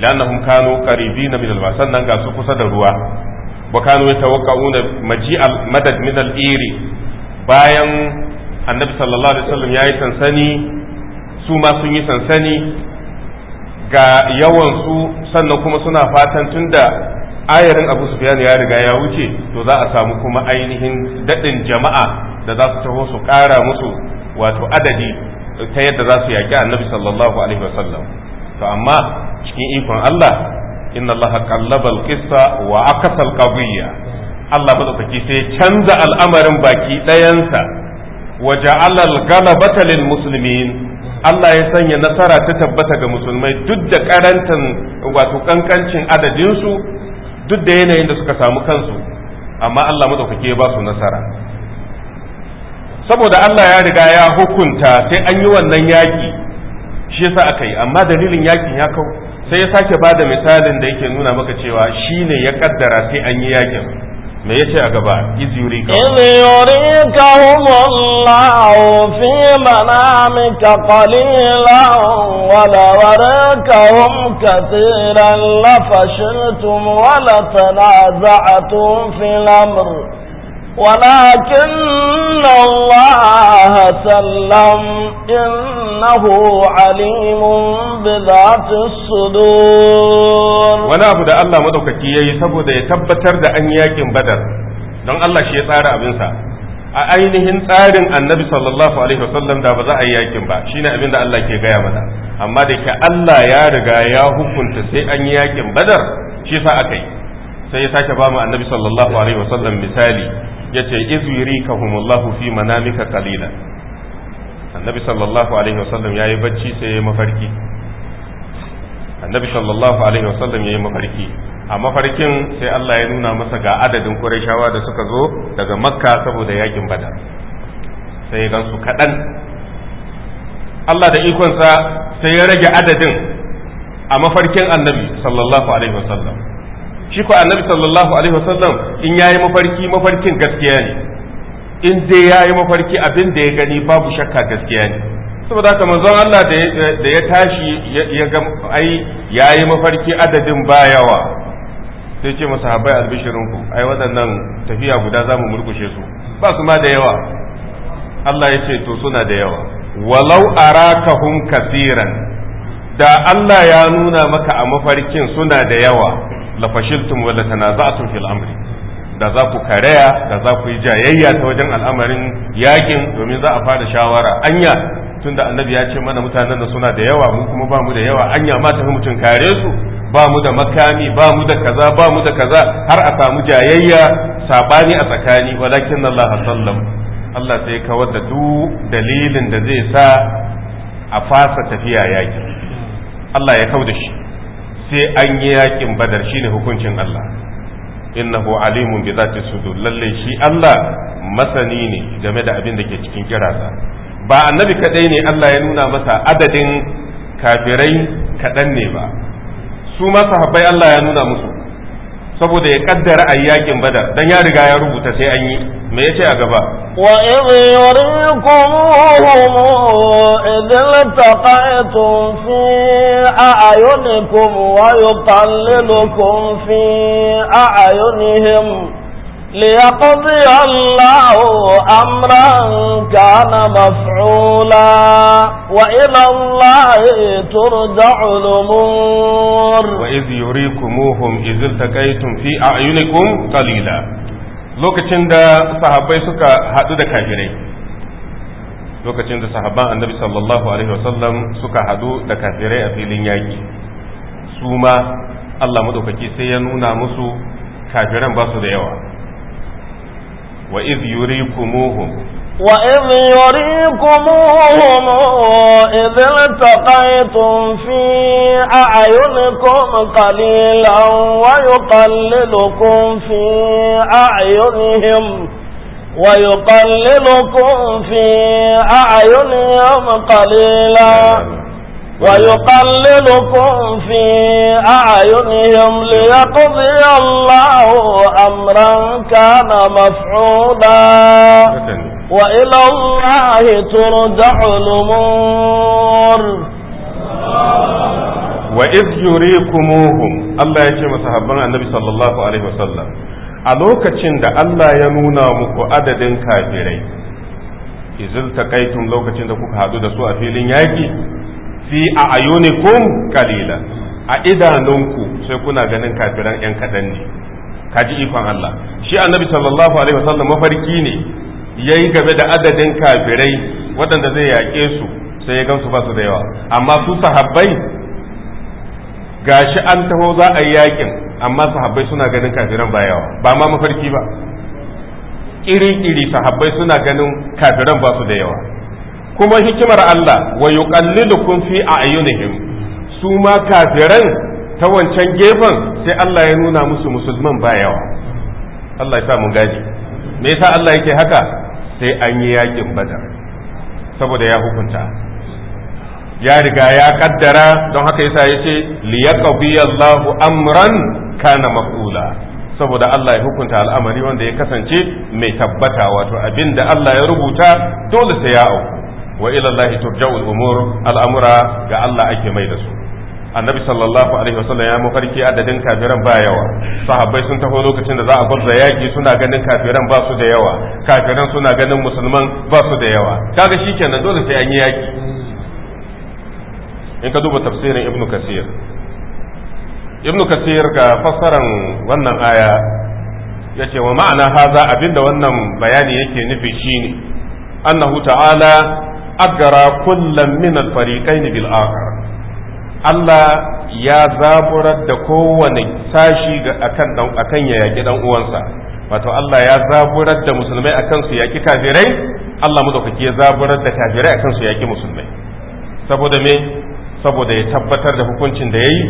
lanahum kanu qaribina min al sannan ga su kusa da ruwa wa kanu yatawaqqa'una maji'al madad min al-iri bayan annabi sallallahu alaihi wasallam yayi sansani su ma sun yi sansani ga yawan su sannan kuma suna fatan tunda ayarin Abu Sufyan ya riga ya wuce to za a samu kuma ainihin daɗin jama'a da za su taho su ƙara musu wato adadi ta yadda za su yaƙi annabi sallallahu alaihi wasallam to amma cikin ikon Allah inna allaha qallaba al wa akasa al-qadiyya Allah madaukaki sai canza al'amarin baki ɗayansa wa ja'ala al-ghalabata Allah ya sanya nasara ta tabbata ga musulmai duk da karantan wato kankancin adadin su duk da yanayin da suka samu kansu amma Allah madaukaki ya ba su nasara saboda Allah ya riga ya hukunta sai an yi wannan yaki shi yasa aka yi amma dalilin yakin ya kau sai ya sake ba da misalin da yake nuna maka cewa shi ne ya kaddara sai an yi yakin me yace a gaba iz yurika iz yurika Allahu fi manamika qalilan wa la warakahum katiran la fashiltum wa la tanaza'tum fil amr ولكن الله سلم إنه عليم بذات الصدور wani abu da Allah كي yi saboda ya tabbatar da an yakin badar don Allah shi ya tsara abinsa a ainihin tsarin annabi sallallahu alaihi wasallam da ba za a yi yakin ba shine abin da Allah ke gaya mana amma da ke Allah ya riga ya hukunta sai an yi yakin badar shi sa akai kai, sai ya sake ba mu annabi sallallahu alaihi wasallam misali yace ka humullahu fi manamika kalila annabi sallallahu alaihi wasallam yi bacci sai yi mafarki annabi sallallahu alaihi wasallam yi mafarki a mafarkin sai Allah ya nuna masa ga adadin Qurayshawa da suka zo daga Makka saboda yakin bada sai ya gansu kaɗan Allah da ikonsa sai ya rage adadin a mafarkin annabi sallallahu alaihi wasallam shi ko annabi sallallahu alaihi wasallam in yayi mafarki mafarkin gaskiya ne in dai yayi mafarki abin da ya gani babu shakka gaskiya ne saboda haka manzon Allah da ya tashi ya ga ai yayi mafarki adadin ba yawa sai ce masahabai albishirinku ai waɗannan tafiya guda za mu murkushe su ba su ma da yawa Allah ya ce to suna da yawa walau arakahum kasiran da Allah ya nuna maka a mafarkin suna da yawa la fashiltum wa la fil amri da za ku karaya da za ku yi jayayya ta wajen al'amarin yakin domin za a fara shawara anya tunda annabi ya ce mana mutanen da suna da yawa mu kuma ba mu da yawa anya ma tafi mutum kare su ba mu da makami ba mu da kaza ba mu da kaza har a samu jayayya sabani a tsakani walakin Allah sallam Allah sai kawar da duk dalilin da zai sa a fasa tafiya yaki Allah ya kau da shi sai an yi yakin badar shine hukuncin Allah innahu alimun bi zati sudur lalle shi Allah masani ne game da abin da ke cikin kirasa ba annabi kadai ne Allah ya nuna masa adadin kafirai kadan ne ba su ma sahabbai Allah ya nuna musu saboda ya kaddara a yakin badar dan ya riga ya rubuta sai an yi me yace a gaba wa yurikum idil taqaytum fi a'yunikum wa yuqallilukum fi a'yunihim ليقضي الله أمرا كان مفعولا وإلى الله ترجع الأمور وإذ يريكموهم إذ التقيتم في أعينكم قليلا lokacin da sahabbai suka haɗu da kafirai lokacin da sahabban annabi sallallahu alaihi wa sallam suka hadu da kafirai a filin yaƙi su ma Allah maɗaukaki sai ya nuna musu kafiran ba su da yawa evorikonhụhụnụ edeletaka tụ fe owayo kalenoko mfe aayonhe akalila ويقللكم في أعينهم ليقضي الله أمرا كان مفعولا وإلى الله ترجع الأمور وإذ يريكموهم الله يجمع صحابنا النبي صلى الله عليه وسلم ألوك تشند da Allah مقعدد كافرين muku adadin kafirai izil takaitun lokacin da kuka hadu da su a filin yaƙi fi a ayunikum kalila a idanunku sai kuna ganin kafiran yan kaɗan ne kaji ikon Allah shi annabi sallallahu alaihi wasallam mafarki ne yayi game da adadin kafirai waɗanda zai yaƙe su sai ya gamsu ba su da yawa amma su sahabbai gashi an taho za a yi yakin amma sahabbai suna ganin kafiran ba yawa ba ma mafarki ba iri-iri sahabbai suna ganin kafiran ba su da yawa kuma hikimar Allah wa yuqallidukum fi a'yunihim su ma kafiran ta wancan gefen sai Allah ya nuna musu musulman ba yawa Allah ya sa mu gani me yasa Allah yake haka sai an yi yakin badar saboda ya hukunta ya riga ya kaddara don haka yasa yace liyaqdi Allahu amran kana maqula saboda Allah ya hukunta al'amari wanda ya kasance mai tabbata wato abin da Allah ya rubuta dole sai ya auku wa ila Allah al umur al'amura ga Allah ake mai da su annabi sallallahu alaihi wasallam ya mafarki adadin kafiran ba yawa sahabbai sun taho lokacin da za a gwabza yaki suna ganin kafiran ba su da yawa kafiran suna ganin musulman ba su da yawa kaga shikenan dole sai an yi yaki in ka duba tafsirin ibnu kasir ibn kasir ga fassaran wannan aya ya ce wa ma'ana haza abinda wannan bayani yake nufi shine annahu ta'ala agara kullum min alfariqaini bil akhar Allah ya zaburar da kowane sashi ga akan ya yaƙi ɗan uwansa wato Allah ya zaburar da musulmai akan su yaki kafirai Allah madaukaki ya zaburar da kafirai akan su yaki musulmai saboda me saboda ya tabbatar da hukuncin da yayi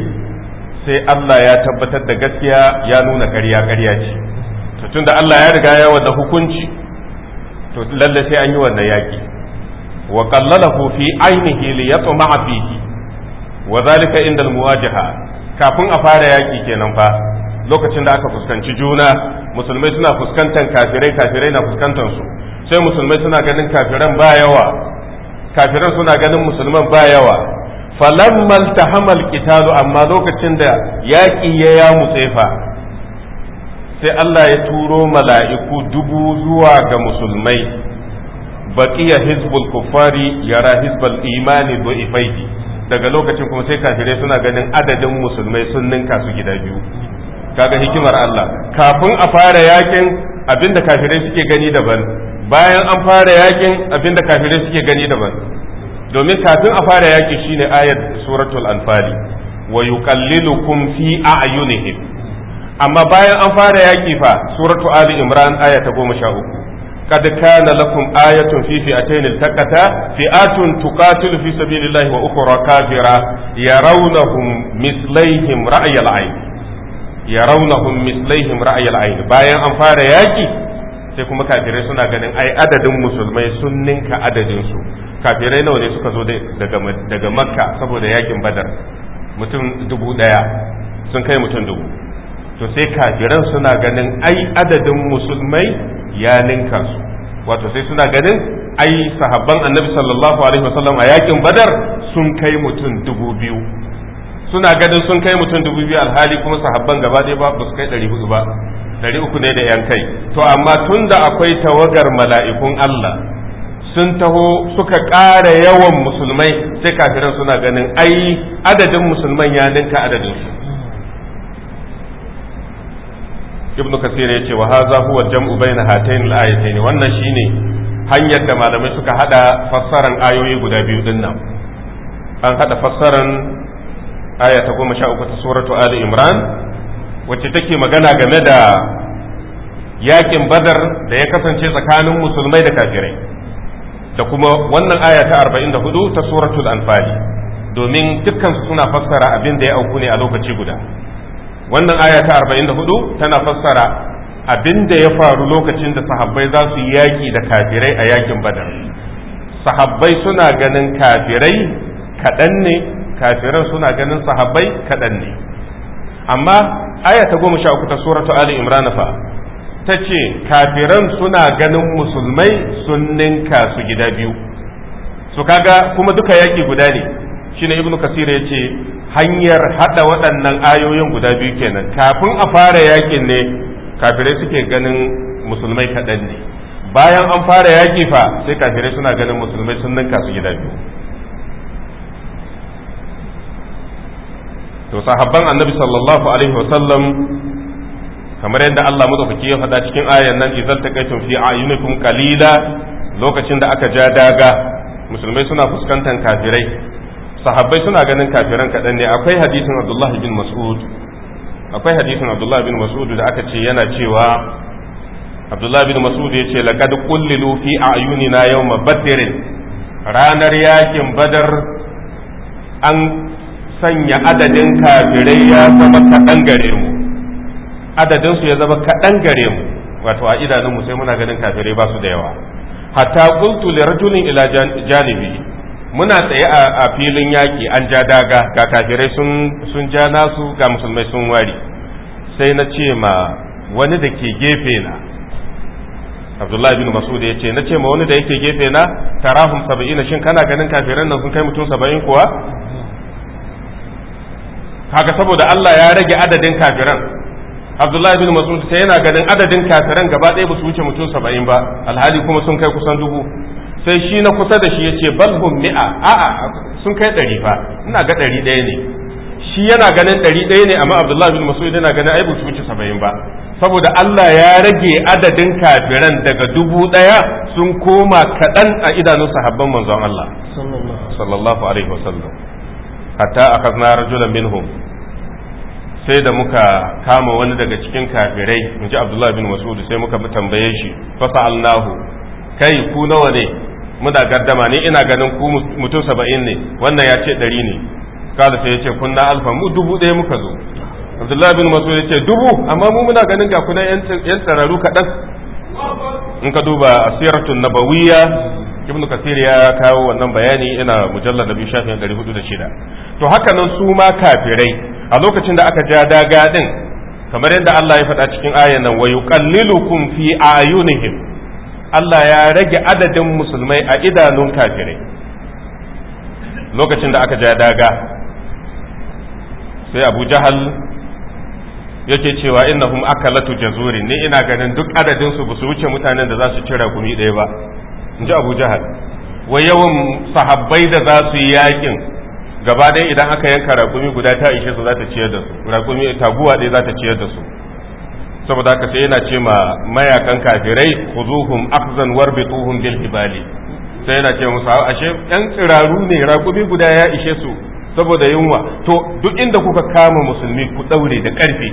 sai Allah ya tabbatar da gaskiya ya nuna ƙarya ƙarya ce to tunda Allah ya riga ya wanda hukunci to lalle sai an yi wannan yaki wa qallalahu fi ainihi li yatma'a fihi wa zalika inda al kafin a fara yaƙi kenan fa lokacin da aka fuskanci juna musulmai suna fuskantar kafirai kafirai na fuskantar su sai musulmai suna ganin kafiran ba yawa kafiran suna ganin musulman ba yawa falamma altahamal qitalu amma lokacin da yaƙi ya ya mutsefa sai Allah ya turo mala'iku dubu zuwa ga musulmai baqiya hizbul kuffari yara hizbal imani du'ifaihi daga lokacin kuma sai kafirai suna ganin adadin musulmai sun ninka su gida biyu kaga hikimar Allah kafin a fara yakin abinda kafirai suke gani daban bayan an fara yakin abinda kafirai suke gani daban domin kafin a fara yakin shine ayat suratul anfali wa yuqallilukum fi a'yunihim amma bayan an fara yaki fa suratu ali imran aya ta 13 قد كان لكم آية في فئتين التقتا فئة تقاتل في سبيل الله وأخرى كافرة يرونهم مثليهم رأي العين يرونهم مثليهم رأي العين bayan an fara sai kuma kafirai suna ganin ai adadin musulmai sun ninka adadin su kafirai nawa ne suka zo daga daga makka saboda yakin badar mutum dubu daya sun kai mutum dubu to sai kafiran suna ganin ai adadin musulmai ya ninka su wato sai suna ganin ai sahabban annabi sallallahu alaihi wasallam a yakin badar sun kai mutum dubu biyu suna ganin sun kai mutum dubu biyu alhali kuma sahabban gaba ɗaya ba su kai ɗari hudu ba ɗari uku ne da yan kai to amma tun da akwai tawagar mala'ikun Allah sun taho suka ƙara yawan musulmai sai kafiran suna ganin ai adadin musulman ya ninka adadin ibnu kasir ya ce wa haza huwa jam'u bayna hatain al-ayatayn wannan shine hanyar da malamai suka hada fassaran ayoyi guda biyu din nan an hada fassaran aya ta goma ta suratu ali imran wacce take magana game da yakin badar da ya kasance tsakanin musulmai da kafirai da kuma wannan aya ta 44 ta suratul anfal domin dukkan suna fassara abin da ya auku ne a lokaci guda wannan aya ta 44 tana fassara abin da ya faru lokacin da sahabbai za su yi yaƙi da kafirai a yakin badar sahabbai suna ganin kafirai kaɗan ne kafiran suna ganin sahabbai kaɗan ne amma aya ta goma sha uku ta suratu ali imran fa ta ce kafiran suna ganin musulmai sun ninka su gida biyu su kaga kuma duka yaƙi guda ne shine ibnu kasir ya ce hanyar hada waɗannan ayoyin guda biyu kenan kafin a fara yakin ne kafirai suke ganin musulmai kaɗan ne bayan an fara yaƙi fa sai kafirai suna ganin musulmai sun ninka su gida biyu to sahabban annabi sallallahu alaihi wasallam kamar yadda Allah madaukaki ya faɗa cikin ayan nan idan taqaytum fi ayunikum qalila lokacin da aka ja daga musulmai suna fuskantar kafirai sahabbai suna ganin kafiran kaɗan ne akwai hadisin abdullahi bin mas'ud akwai hadisin abdullahi bin mas'ud da aka ce yana cewa abdullahi bin mas'ud ya ce laqad qullilu fi a'yunina yawma badr ranar yakin badar an sanya adadin kafirai ya zama kaɗan gare mu adadin su ya zama kaɗan gare mu wato a idanunmu sai muna ganin kafirai ba su da yawa hatta qultu li rajulin ila janibi muna tsaye a filin yaƙi an ja daga ga kafirai sun ja nasu ga musulmai sun wari sai na ce ma wani da ke gefe na abdullahi bin masud ya ce na ce ma wani da yake gefe na tarahum saba'ina shin kana ganin kafiran nan sun kai mutum saba'in kuwa haka saboda Allah ya rage adadin kafiran abdullahi bin masud ta yana ganin adadin kafiran gaba ɗaya ba su wuce mutum saba'in ba alhali kuma sun kai kusan dubu sai shi na kusa da shi ya ce balhun mi'a a'a sun kai ɗari fa ina ga ɗari ɗaya ne shi yana ganin ɗari ɗaya ne amma abdullahi bin masud yana ganin ai su wuce saba'in ba saboda Allah ya rage adadin kafiran daga dubu ɗaya sun koma kaɗan a idanun sahabban manzon Allah sallallahu alaihi wasallam hatta akhadna rajulan minhum sai da muka kama wani daga cikin kafirai in ji abdullahi bin masud sai muka tambaye shi allahu kai ku nawa ne muna gardama ne ina ganin ku mutum saba'in ne wannan ya ce ɗari ne kada sai ya ce kunna alfa mu dubu ɗaya muka zo abdullahi bin maso ya ce dubu amma mu muna ganin ga kuna yan tsararru kaɗan in ka duba asiratun nabawiyya ibn kasir ya kawo wannan bayani ina mujallar da biyu shafin ɗari hudu da shida to haka nan su ma kafirai a lokacin da aka ja daga din kamar yadda Allah ya faɗa cikin ayan nan wa yuqallilukum fi ayunihim Allah ya rage adadin musulmai a idanun kafirai lokacin da aka ja daga sai abu jahal yake cewa innahum akalatu jazuri ni ina ganin duk adadin su ba su wuce mutanen da za su cira gumi ɗaya ba in ji abu jahal wa yawan sahabbai da za su yi yakin gaba ɗaya idan aka yanka raƙumi guda ta ishe su za ta ciyar da su raƙumi taguwa ɗaya za ta ciyar da su saboda haka sai yana ce ma mayakan kafirai khuzuhum akhzan warbituhum bil hibali sai yana ce musu ashe yan tsiraru ne rakubi guda ya ishe su saboda yunwa to duk inda kuka kama musulmi ku daure da karfi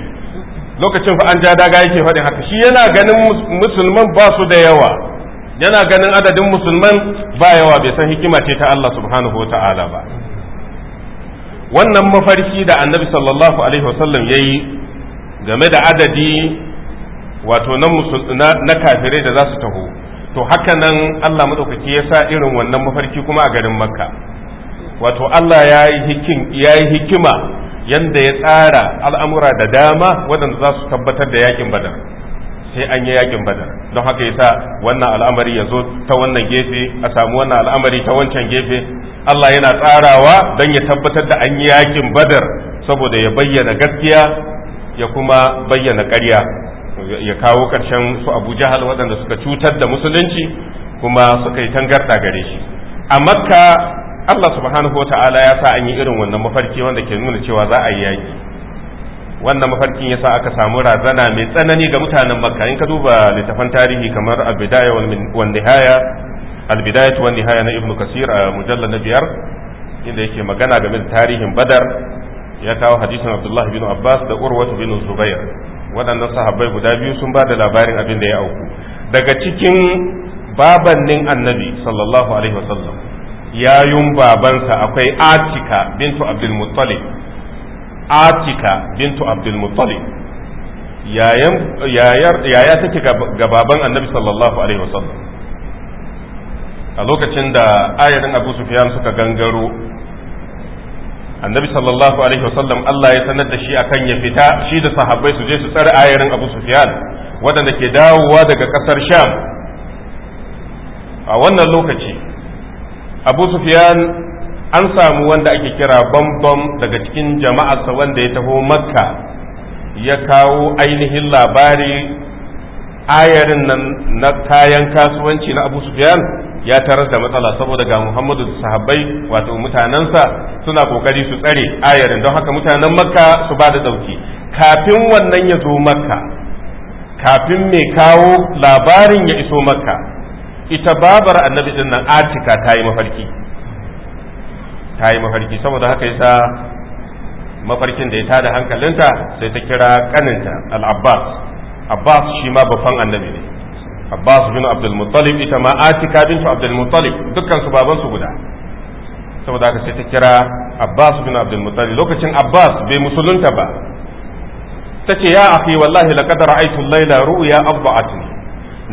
lokacin fa an ja daga yake faɗin haka shi yana ganin musulman ba su da yawa yana ganin adadin musulman ba yawa bai san hikima ce ta Allah subhanahu wa ta'ala ba wannan mafarki da annabi sallallahu alaihi wasallam yayi game da adadi wato na kafirai da za su taho to haka nan Allah maɗaukaki ya sa irin wannan mafarki kuma a garin makka wato Allah ya yi hikima yadda ya tsara al'amura da dama waɗanda za su tabbatar da yakin badar sai an yi yakin badar don haka yasa wannan al'amari ya zo ta wannan gefe a samu wannan al'amari ta wancan gefe Allah yana tsarawa don ya tabbatar da an yi yakin badar saboda ya bayyana gaskiya ya kuma bayyana ƙarya ya kawo ƙarshen su abu jahal waɗanda suka cutar da musulunci kuma suka yi tangarɗa gare shi a makka allah subhanahu wa ta'ala ya sa an yi irin wannan mafarki wanda ke nuna cewa za a yi yaƙi wannan mafarkin ya sa aka samu razana mai tsanani ga mutanen makka in ka duba littafan tarihi kamar albidaya wal nihaya albidaya wal nihaya na ibnu kasir a mujallar na biyar inda yake magana game da tarihin badar ya kawo hadisin abdullahi bin abbas da urwatu bin zubair waɗannan sahabbai guda biyu sun ba da labarin abin da ya auku daga cikin babannin annabi sallallahu alaihi wasallam yayun babansa akwai atika bintu abdul muttalib atika bintu abdul muttalib yaya take ga baban annabi sallallahu alaihi wasallam a lokacin da ayarin abu sufyan suka gangaro annabi sallallahu alaihi wasallam Allah ya sanar da shi akan ya fita shi da sahabbai su je su tsare ayarin Abu Sufyan waɗanda ke dawowa daga ƙasar Sham a wannan lokaci Abu Sufyan an samu wanda ake kira bambam daga cikin jama'arsa wanda ya taho Makka ya kawo ainihin labari ayarin nan na kayan kasuwanci na abu sufyan ya tarar da matsala saboda ga muhammadu da sahabbai wato mutanensa suna kokari su tsare ayarin don haka mutanen makka su ba da dauki kafin wannan ya zo makka kafin mai kawo labarin ya iso makka ita babar annabi din nan atika ta yi mafarki ta yi mafarki saboda haka yasa mafarkin da ya tada hankalinta sai ta kira kaninta al-abbas abbas shi ma babban annabi ne abbas bin abdul muttalib ita ma atika bin abdul muttalib dukkan baban su guda saboda haka sai ta kira abbas bin abdul muttalib lokacin abbas bai musulunta ba tace ya akhi wallahi laqad ra'aytu al-layla ru'ya afba'atni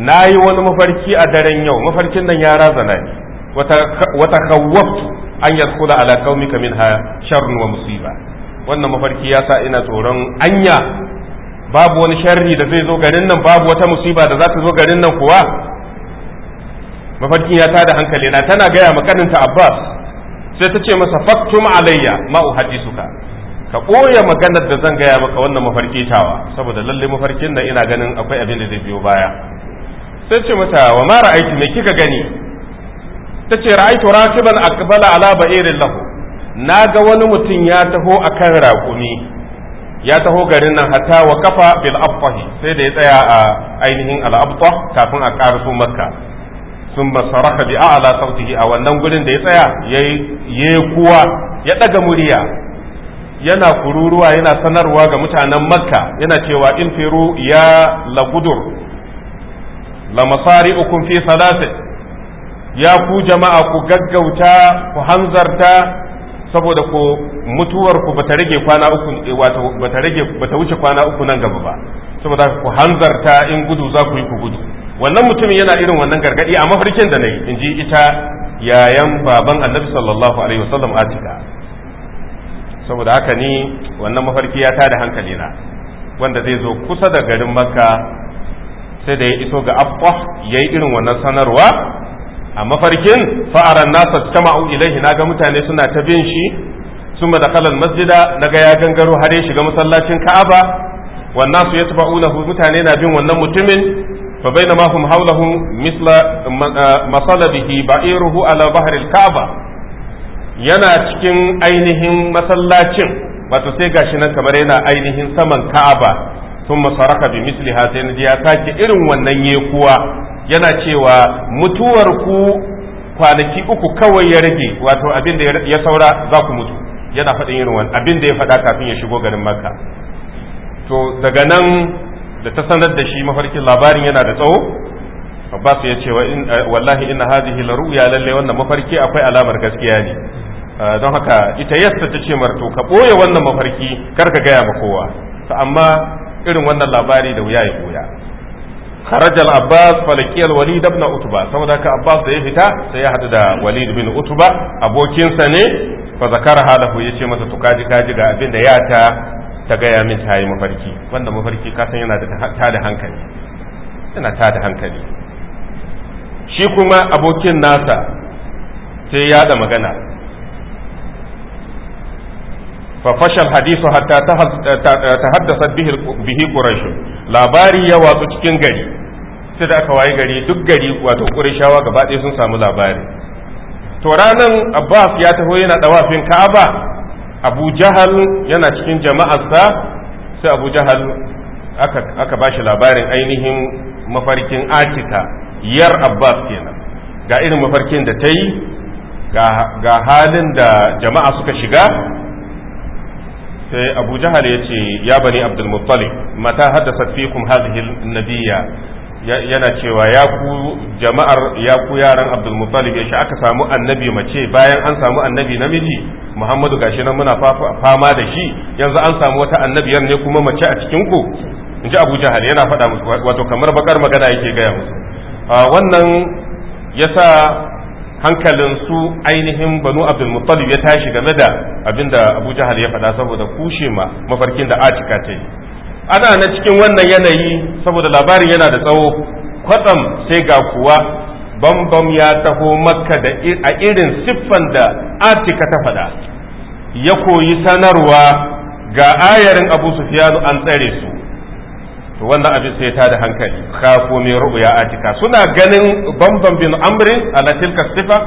nayi wani mafarki a daren yau mafarkin nan ya razana ni wata khawwaftu an yadkhula ala qaumika minha sharrun wa musiba wannan mafarki ya sa ina tsoron anya babu wani sharri da zai zo garin nan babu wata musiba da za ta zo garin nan kuwa mafarkin ya da hankali na tana gaya makaninta abbas sai ta ce masa faktum alayya ma suka? ka ɓoye maganar da zan gaya maka wannan mafarki tawa saboda lalle mafarkin nan ina ganin akwai abin da zai biyo baya sai ce mata wa ma ra'aiti me kika gani ta ce ra'aitu rakiban aqbala ala ba'irin lahu na ga wani mutum ya taho akan raƙumi ya taho garin nan hatta wa kafa bil abtahi sai da ya tsaya a ainihin al abtah kafin a karaso makka sun masaraka bi a'la sautihi a wannan gurin da ya tsaya yayi kuwa ya daga murya yana kururuwa yana sanarwa ga mutanen makka yana cewa in firu ya la gudur. la masari'ukum fi salasa ya ku jama'a ku gaggauta ku hanzarta saboda ko mutuwar ku bata rage kwana uku eh, wato bata rage bata wuce kwana uku nan gaba ba saboda ku hanzarta in gudu za ku yi ku gudu wannan mutumin yana irin wannan gargadi a mafarkin da nayi inji ita yayan baban annabi sallallahu alaihi wasallam atika saboda haka ni wannan mafarki ya tada hankali na wanda zai zo kusa da garin makka sai da ya iso ga abba yayi irin wannan sanarwa a mafarkin fa'aran nasa ilai ilaihi ga mutane suna ta bin shi sun da kalan masjida na ya gangaro har ya shiga masallacin ka'aba wannan su ya yatba'unahu mutane na bin wannan mutumin fa bai na hum hawlahu misla masalabihi ba'iruhu ala baharil kaaba yana cikin ainihin masallacin wato sai gashi nan kamar yana ainihin saman ka'aba sun masaraka bi misliha sai na ya sake irin wannan yekuwa yana cewa mutuwar ku kwanaki uku kawai ya rage wato abin da ya saura za ku mutu yana faɗin irin wani abin da ya faɗa kafin ya shigo garin makka to daga nan da ta sanar da shi mafarkin labarin yana da tsawo abbas ya ce eh, wallahi inna hazi la ru'ya lalle wannan mafarki akwai alamar gaskiya ne eh, don haka ita yasta ta ce marto ka ɓoye wannan mafarki kar ka gaya ma kowa to amma irin wannan labari da wuya ya koya خرج العباس فلقي الوليد بن عتبة سو ذاك عباس ده فتا سي حد ده وليد بن عتبة ابوكين sa ne fa zakara halahu yace masa to kaji ga abinda ya ta ta gaya min tayi mafarki wanda mafarki ka san yana da ta da hankali yana ta da hankali shi kuma abokin nasa sai ya da magana fa fashal hadisu hatta tahaddasa bihi quraish labari ya watsu cikin gari sai da aka waye gari duk gari wato qurayshawa gaba ɗaya sun samu labari to ranan abbas ya taho yana dawafin ka'aba abu jahal yana cikin jama'arsa sai abu jahal aka ba shi labarin ainihin mafarkin akita yar abbas kenan ga irin mafarkin da ta yi ga halin da jama'a suka shiga sai abu jahal ya ce ya bani abdulmuttalib mata haddasa fikum hadhihi nabiya yana cewa ya ku jama'ar ya ku yaran abdulmuttalib ya aka samu annabi mace bayan an samu annabi namiji muhammadu gashi nan muna fama da shi yanzu an samu wata annabiyar ne kuma mace a cikin ku in ji abu jahal yana faɗa musu wato kamar bakar magana yake gaya musu ah, wannan sa. hankalin su ainihin banu muttalib ya tashi game da abinda abu jahal ya faɗa saboda kushe ma mafarkin da atika ta yi ana na cikin wannan yanayi saboda labarin yana da tsawo kwatsam sai ga kuwa bambam ya taho makka da a irin siffan da atika ta faɗa ya koyi sanarwa ga ayarin abu sufiyanu an tsare su to wannan abin sai ta da hankali khafu min ru'ya atika suna ganin bambam bin amrin ala tilka sifa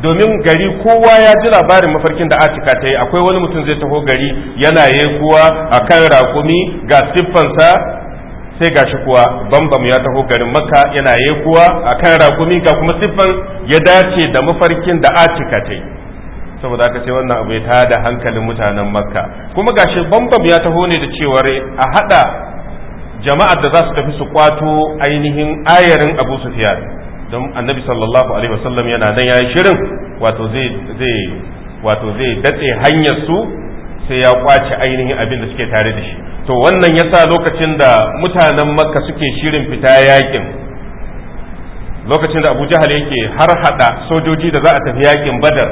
domin gari kowa ya ji labarin mafarkin da atika ta yi akwai wani mutum zai taho gari yana a akan raƙumi ga siffansa sai gashi kuwa bambam ya taho garin makka yana a akan raƙumi ga kuma siffan ya dace da mafarkin da atika ta yi saboda aka ce wannan abu ya tada hankalin mutanen makka kuma gashi bambam ya taho ne da cewar a haɗa. jama'ar da za su tafi su kwato ainihin ayarin abu sufyan don annabi sallallahu alaihi wasallam yana nan yi shirin wato zai zai datse hanyar su sai ya kwace ainihin abin da suke tare da shi to wannan yasa lokacin da mutanen makka suke shirin fita yakin lokacin da abu jahal yake har hada sojoji da za a tafi yakin badar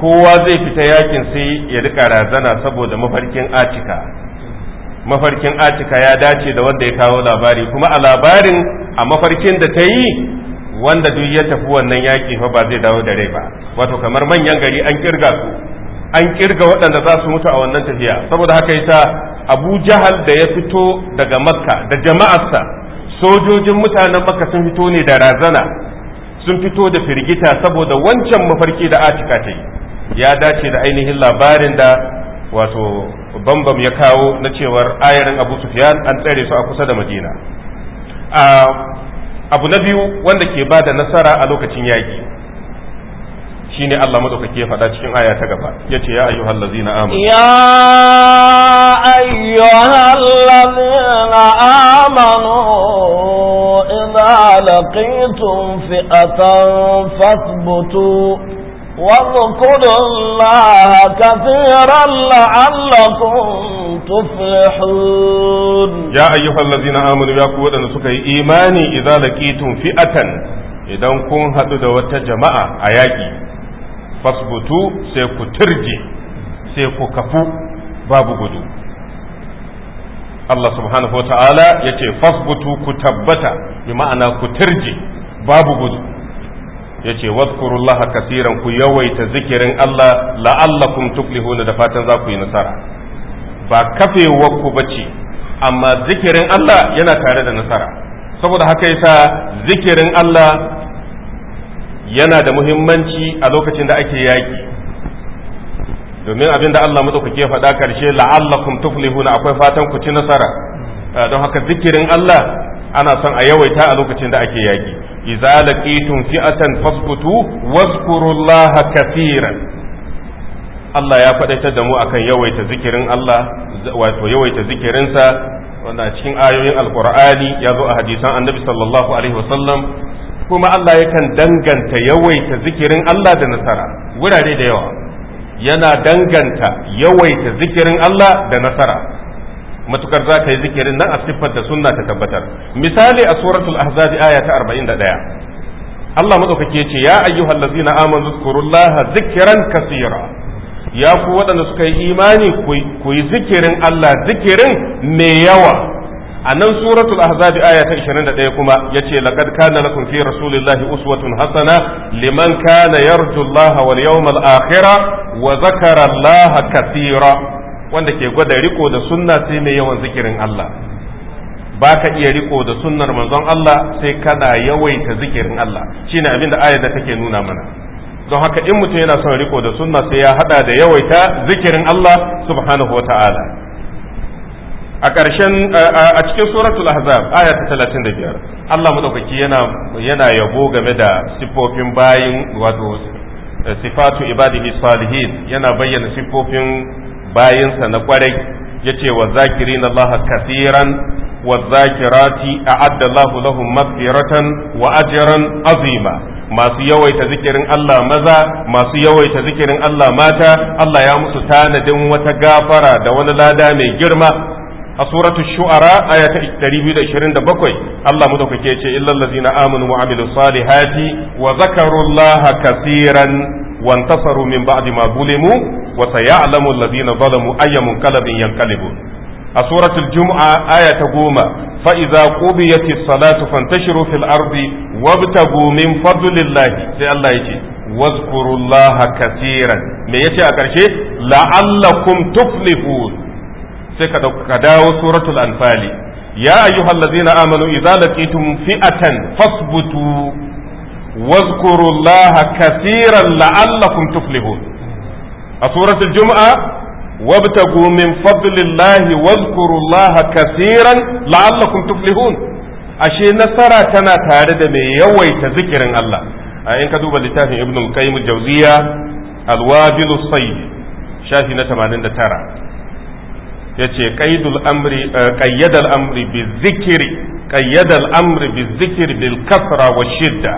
kowa zai fita yakin sai ya rika razana saboda mafarkin atika mafarkin atika ya dace da wanda ya kawo labari kuma a labarin a mafarkin da ta yi wanda duk ya tafi wannan yaƙi fa ba zai dawo da rai ba wato kamar manyan gari an kirga su an kirga waɗanda za su mutu a wannan tafiya saboda haka yasa abu jahal da ya fito daga makka da jama'arsa sojojin mutanen makka sun fito ne da razana sun fito da firgita saboda wancan mafarki da atika ta yi ya dace da ainihin labarin da wato bambam ya kawo na cewar ayarin abu sufyan an tsare su a kusa da madina abu na biyu wanda ke ba da nasara a lokacin yaƙi shine Allah madaukake ya faɗa cikin aya ta gaba ya ce ya ayyuhal na amanu ya ayyuhal ladzina amanu idza laqitum fi'atan fasbutu واذكروا الله كثيرا لعلكم تفلحون يا أيها الذين آمنوا يا قوة نسكي إيماني إذا لقيتم فئة إذا كن هدد وتجمع أياكي فاثبتوا سيكو sai ku kafu babu gudu Allah subhanahu wa ta'ala ya ce fasbutu ku tabbata bi ma'ana ku tirje babu gudu yace wadhkurullaha kasiran ku yawaita zikirin Allah la'allakum tuflihuna da fatan za ku yi nasara ba kafewar ku bace amma zikirin Allah yana tare da nasara saboda haka yasa zikirin Allah yana da muhimmanci a lokacin da ake yaki domin abinda Allah madaukake ke faɗa karshe la'allakum tuflihuna akwai fatan ku ci nasara don haka zikirin Allah ana son a yawaita a lokacin da ake yaki إذا لقيتم فئة فاثبتوا واذكروا الله كثيرا Allah ya faɗaita da mu akan yawaita zikirin Allah wato yawaita zikirinsa wanda cikin ayoyin alkur'ani ya zo a hadisan annabi sallallahu alaihi wasallam kuma Allah yakan danganta yawaita zikirin Allah da nasara wurare da yawa yana danganta yawaita zikirin Allah da nasara matukar za ka yi zikirin nan a siffar da sunna ta tabbatar misali a suratul ahzabi aya ta 41 Allah madaukake ce ya ayyuhal ladzina amanu zkurullaha zikran kasira ya ku waɗanda suka yi imani ku yi zikirin Allah zikirin mai yawa a nan suratul ahzabi aya ta 21 kuma yace laqad kana lakum fi rasulillahi uswatun hasana liman kana yarju Allah wal yawmal akhir wa zakara Allah wanda ke gwada riko da sunna sai mai yawan zikirin Allah ba ka iya riko da sunnar manzon Allah sai kana yawaita zikirin Allah shine abin da ayar da take nuna mana don haka in mutum yana son riko da sunna sai ya hada da yawaita zikirin Allah subhanahu wata'ala a ƙarshen a cikin suratul ahzab aya ta 35 Allah madaukaki yana yana yabo game da siffofin bayin wato eh, sifatu ibadihi salihin yana bayyana siffofin bayinsa na kwarai yace wa zakirina Allah kaseeran wa zakirati a'adda Allahu lahum maghfiratan wa ajran azima masu yawaita zikirin Allah maza masu yawaita zikirin Allah mata Allah ya musu tanadin wata gafara da wani lada mai girma a suratul shu'ara aya ta 227 Allah madaukake ya ce illal ladzina amanu wa amilus salihati wa zakarullaha kaseeran wa intasaru min ba'di ma zulimu wa sayalamu alladhina zalamu ayya munqalabin yanqalibun a suratul jumu'a aya ta 10 fa idza qudiyatis salatu fantashiru fil ardi wabtagu min fadlillahi sai Allah yake wazkurullaha kaseeran me yace a karshe la'allakum tuflihun sai ka ka dawo suratul anfali ya ayyuhal ladzina amanu idza laqitum fi'atan fasbutu wazkurullaha katsiran la'allakum tuflihun a suratul jumu'a وابتغوا من فضل الله واذكروا الله ashe nasara tana tare da mai yawaita zikirin Allah in ka duba littafin ibn al-qayyim al-jawziya al-wabil sayyid shafi na 89 yace qaidul amri eh, qayyadal amri bi zikri qayyadal amri bi zikri bil kafra wa shidda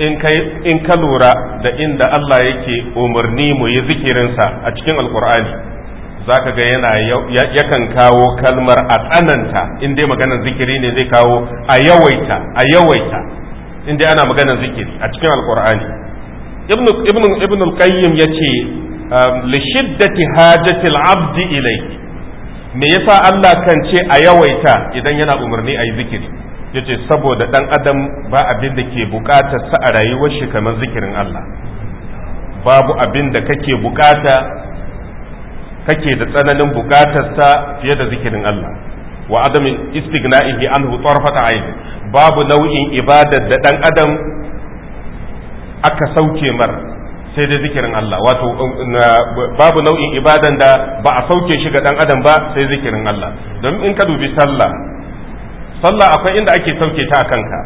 in kai in ka lura da inda Allah yake umarni mu yi zikirin sa a cikin alqur'ani zaka ga yana yakan kawo kalmar a tsananta in dai maganar zikiri ne zai kawo a yawaita a yawaita in dai ana maganar zikiri a cikin alqur'ani ibnu ibnu ibnu al-qayyim yace eh, shiddati hajati al-abd ilayhi me yasa Allah kan ce a yawaita idan yana umarni a yi zikiri ce saboda ɗan adam ba abin da ke bukatar sa a rayuwar shi kamar zikirin Allah babu abin da kake bukata kake da tsananin bukatar sa fiye da zikirin Allah wa adamin istigna'ihi anhu tarfata ayn babu nau'in ibadar da ɗan adam aka sauke mar sai dai zikirin Allah wato um, babu nau'in ibadan da ba a sauke shi ga dan adam ba sai zikirin Allah don in ka dubi sallah sallah akwai inda ake sauke ta a kanka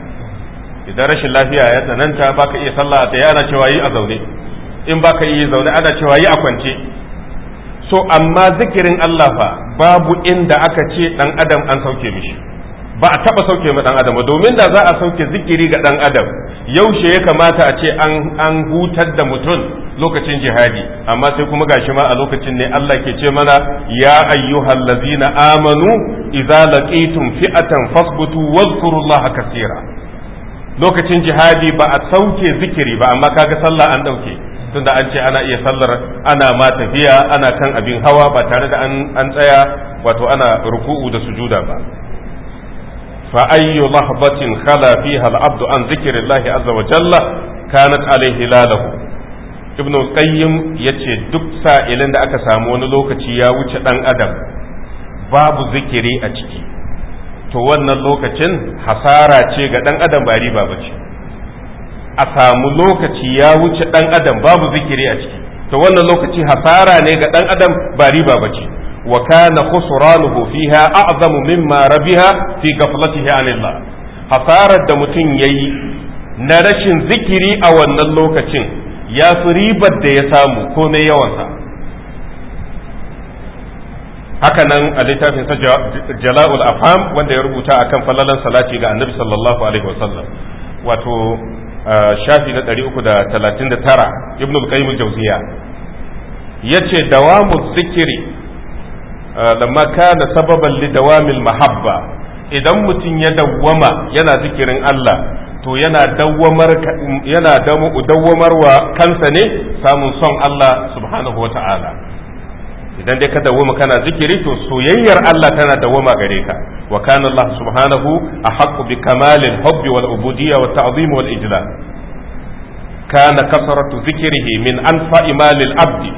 idan rashin lafiya ya tsananta baka iya sallah ta yana ana cewa yi a zaune in baka iya zaune ana cewa yi a kwance so amma zikirin Allah fa babu inda aka ce dan adam an sauke mishi ba a taba sauke ma dan adam domin da za a sauke zikiri ga dan adam yaushe ya kamata a ce an hutar da mutum lokacin jihadi amma sai kuma gashi ma a lokacin ne Allah ke ce mana ya ayyuhal ladzina amanu idza laqitum fi'atan fasbutu wadhkurullaha katira lokacin jihadi ba a sauke zikiri ba amma kaga sallah an dauke tunda an ce ana iya sallar ana ma tafiya ana kan abin hawa ba tare da an tsaya wato ana ruku'u da sujuda ba fa ayyu lahbatin khala fiha an zikrillahi azza wa jalla kanat alaihi lalahu ibn qayyim yace duk sa'ilin da aka samu wani lokaci ya wuce dan adam babu zikiri a ciki to wannan lokacin hasara ce ga dan adam ba riba a samu lokaci ya wuce dan adam babu zikiri a ciki to wannan lokaci hasara ne ga dan adam ba riba wa kana khusranuhu fiha a'zamu mimma rabiha fi ghaflatihi anillah hasarar da mutum yayi na rashin zikiri a wannan lokacin ya fi ribar da ya samu ko mai yawansa Hakanan nan a littafin jala'ul afam wanda ya rubuta akan falalan salati ga annabi sallallahu alaihi wasallam wato shafi na 339 ibn al-qayyim al-jawziya yace dawamu zikiri Eh, lamma kana sababan dawamil mahabba idan mutum ya dawwama yana zikirin Allah to yana dawwamar yana dawwamarwa kansa ne samun son Allah subhanahu wata'ala idan dai ka dawwama kana zikiri to soyayyar Allah tana dawwama gare ka wa kana Allah subhanahu ahqqu bi kamalil hubbi wal ubudiyya wat ta'zim wal ijlal kana kasaratu zikrihi min anfa'i malil abdi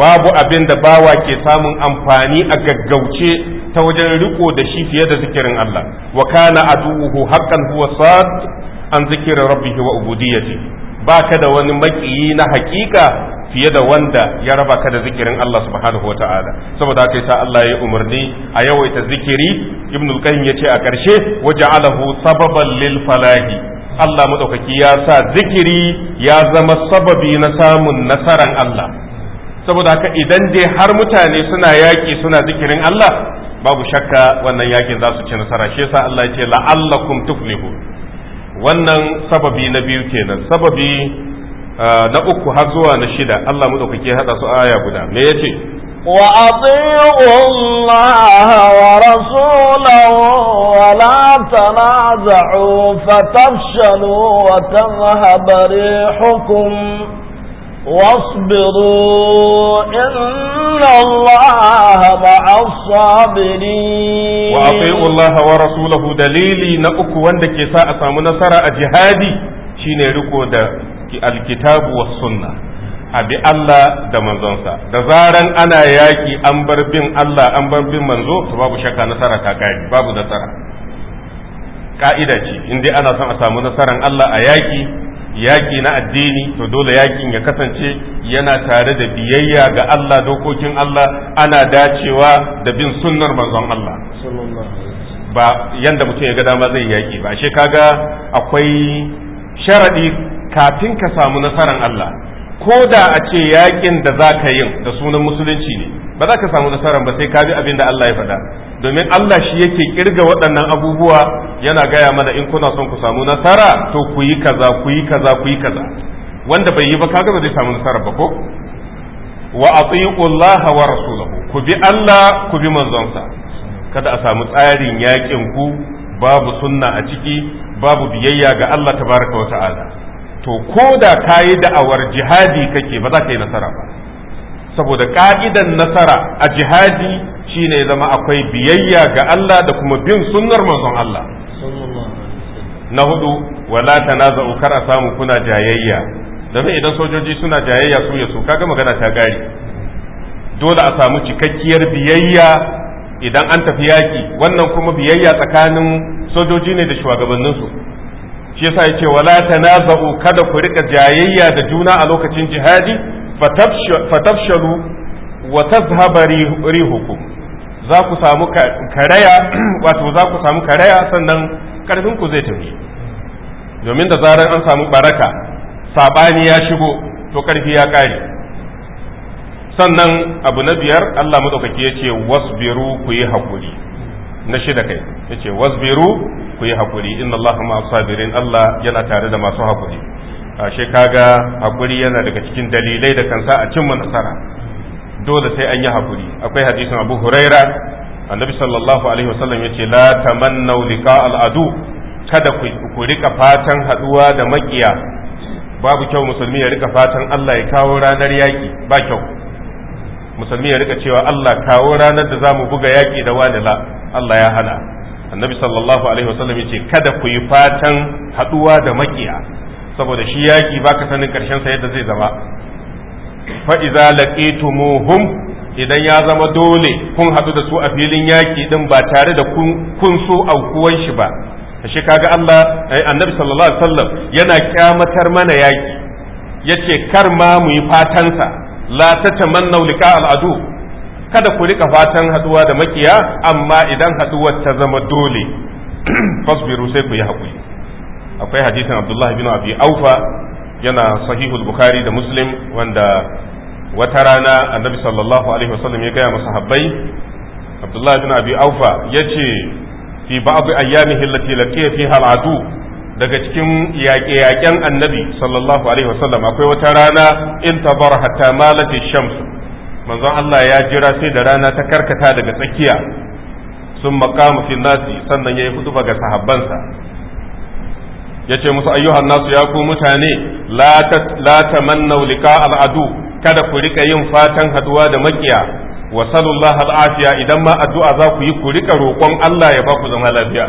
babu abin da bawa ke samun amfani a gaggauce ta wajen riko da shi fiye da zikirin Allah wa kana aduhu haqqan huwa sad an zikira rabbih wa ubudiyyati baka da wani makiyi na hakika fiye da wanda ya raba ka da zikirin Allah subhanahu wa ta'ala saboda haka yasa Allah ya umarni a yawaita zikiri Ibnu al-qayyim yace a karshe waja'alahu sababan lil falahi Allah madaukaki ya sa zikiri ya zama sababi na samun nasaran Allah saboda haka idan dai har mutane suna yaƙi suna zikirin Allah babu shakka wannan yakin za su ci nasara shi yasa Allah ya ce la'allakum tuflihu wannan sababi na biyu kenan sababi ah, na uku har zuwa na shida Allah kuke hada su aya guda me yace وأطيعوا wa la tanaza'u fatafshalu wa tanhabari hukum. واصبروا إن الله مع الصابرين وأطيعوا الله ورسوله دليلي نأكو وندك ساعة من سرى أجهادي شين ركو الكتاب والسنة abi Allah da manzonsa da zaran ana yaƙi an bar bin Allah an bar bin manzo to babu shakka nasara ta kai babu nasara ka'ida ce in dai ana son a samu nasaran Allah a yaƙi yaƙi na addini to dole yaƙin ya kasance yana tare da biyayya ga Allah dokokin Allah ana dacewa da bin sunnar manzon Allah ba yanda mutum ya ga dama zai yaƙi ba ashe kaga akwai sharaɗi kafin ka samu nasarar Allah ko da a ce yakin da za ka yin da sunan musulunci ne ba za ka samu nasarar ba sai ka bi abin da Allah ya faɗa domin Allah shi yake kirga waɗannan abubuwa yana gaya mana in kuna son ku samu nasara to ku yi kaza ku yi kaza ku yi kaza wanda bai yi ba kaga ba zai samu nasarar ba ko wa atiqu Allah wa rasulahu ku bi Allah ku bi manzonsa kada a samu tsarin yakin ku babu sunna a ciki babu biyayya ga Allah tabaraka wa ta'ala to ko da ka yi da'awar jihadi kake ba za ka yi nasara ba saboda ka'idan nasara a jihadi shine ne zama akwai biyayya ga Allah da kuma bin sunnar manzon Allah na hudu wala tanaza'u kar a samu kuna jayayya domin idan sojoji suna jayayya su ya su kaga magana ta gari dole a samu cikakkiyar biyayya idan an tafi yaƙi. wannan kuma biyayya tsakanin sojoji ne da shugabanninsu shi yasa yace wala tanaza'u kada ku rika jayayya da juna a lokacin jihadi fatafshalu wa tazhaba rihukum za ku samu karaya wato za ku samu karaya sannan karfin ku zai tafi domin da zarar an samu baraka sabani ya shigo to karfi ya kare sannan abu na biyar Allah madaukaki yace wasbiru ku yi hakuri na shida kai yace wasbiru ku yi hakuri inna Allah ma sabirin Allah yana tare da masu hakuri ashe kaga hakuri yana daga cikin dalilai da kansa a cimma nasara dole sai an yi hakuri akwai hadisin Abu Huraira annabi sallallahu alaihi wasallam yace la tamannu liqa al-adu kada ku rika fatan haduwa da makiya babu kyau musulmi ya rika fatan Allah ya kawo ranar yaki ba kyau musulmi ya rika cewa Allah kawo ranar da zamu buga yaki da wani Allah ya hana annabi sallallahu alaihi wasallam yace kada ku yi fatan haduwa da makiya saboda shi yaki baka sanin karshen sa yadda zai zama fa iza laqitumuhum idan ya zama dole kun hadu da su a filin yaki din ba tare da kun so aukuwan shi ba shi kaga Allah eh, annabi sallallahu alaihi wasallam yana kyamatar mana yaki yace kar ma mu yi fatan sa la tatamannu liqa al-adu kada ku rika fatan haduwa da makiya amma idan haduwar ta zama dole fasbiru sai ku yi hakuri akwai hadisin abdullahi bin abi aufa yana sahihul bukhari da muslim wanda wata rana annabi sallallahu alaihi wasallam ya gaya masahabbai abdullahi bin abi aufa yace fi ba'd ayyami allati laqiya fi al'adu daga cikin yaƙe-yaƙen annabi sallallahu alaihi wasallam akwai wata rana in tabar hatta malati shams manzon Allah ya jira sai da rana ta karkata daga tsakiya sun makamu fi nasi sannan ya yi hutuba ga sahabbansa ya ce musu ayyuhan nasu ya ku mutane la tamannau liqa al'adu kada ku rika yin fatan haduwa da makiya wa sallallahu al'afiya idan ma addu'a za ku yi ku rika roƙon Allah ya ba ku zaman lafiya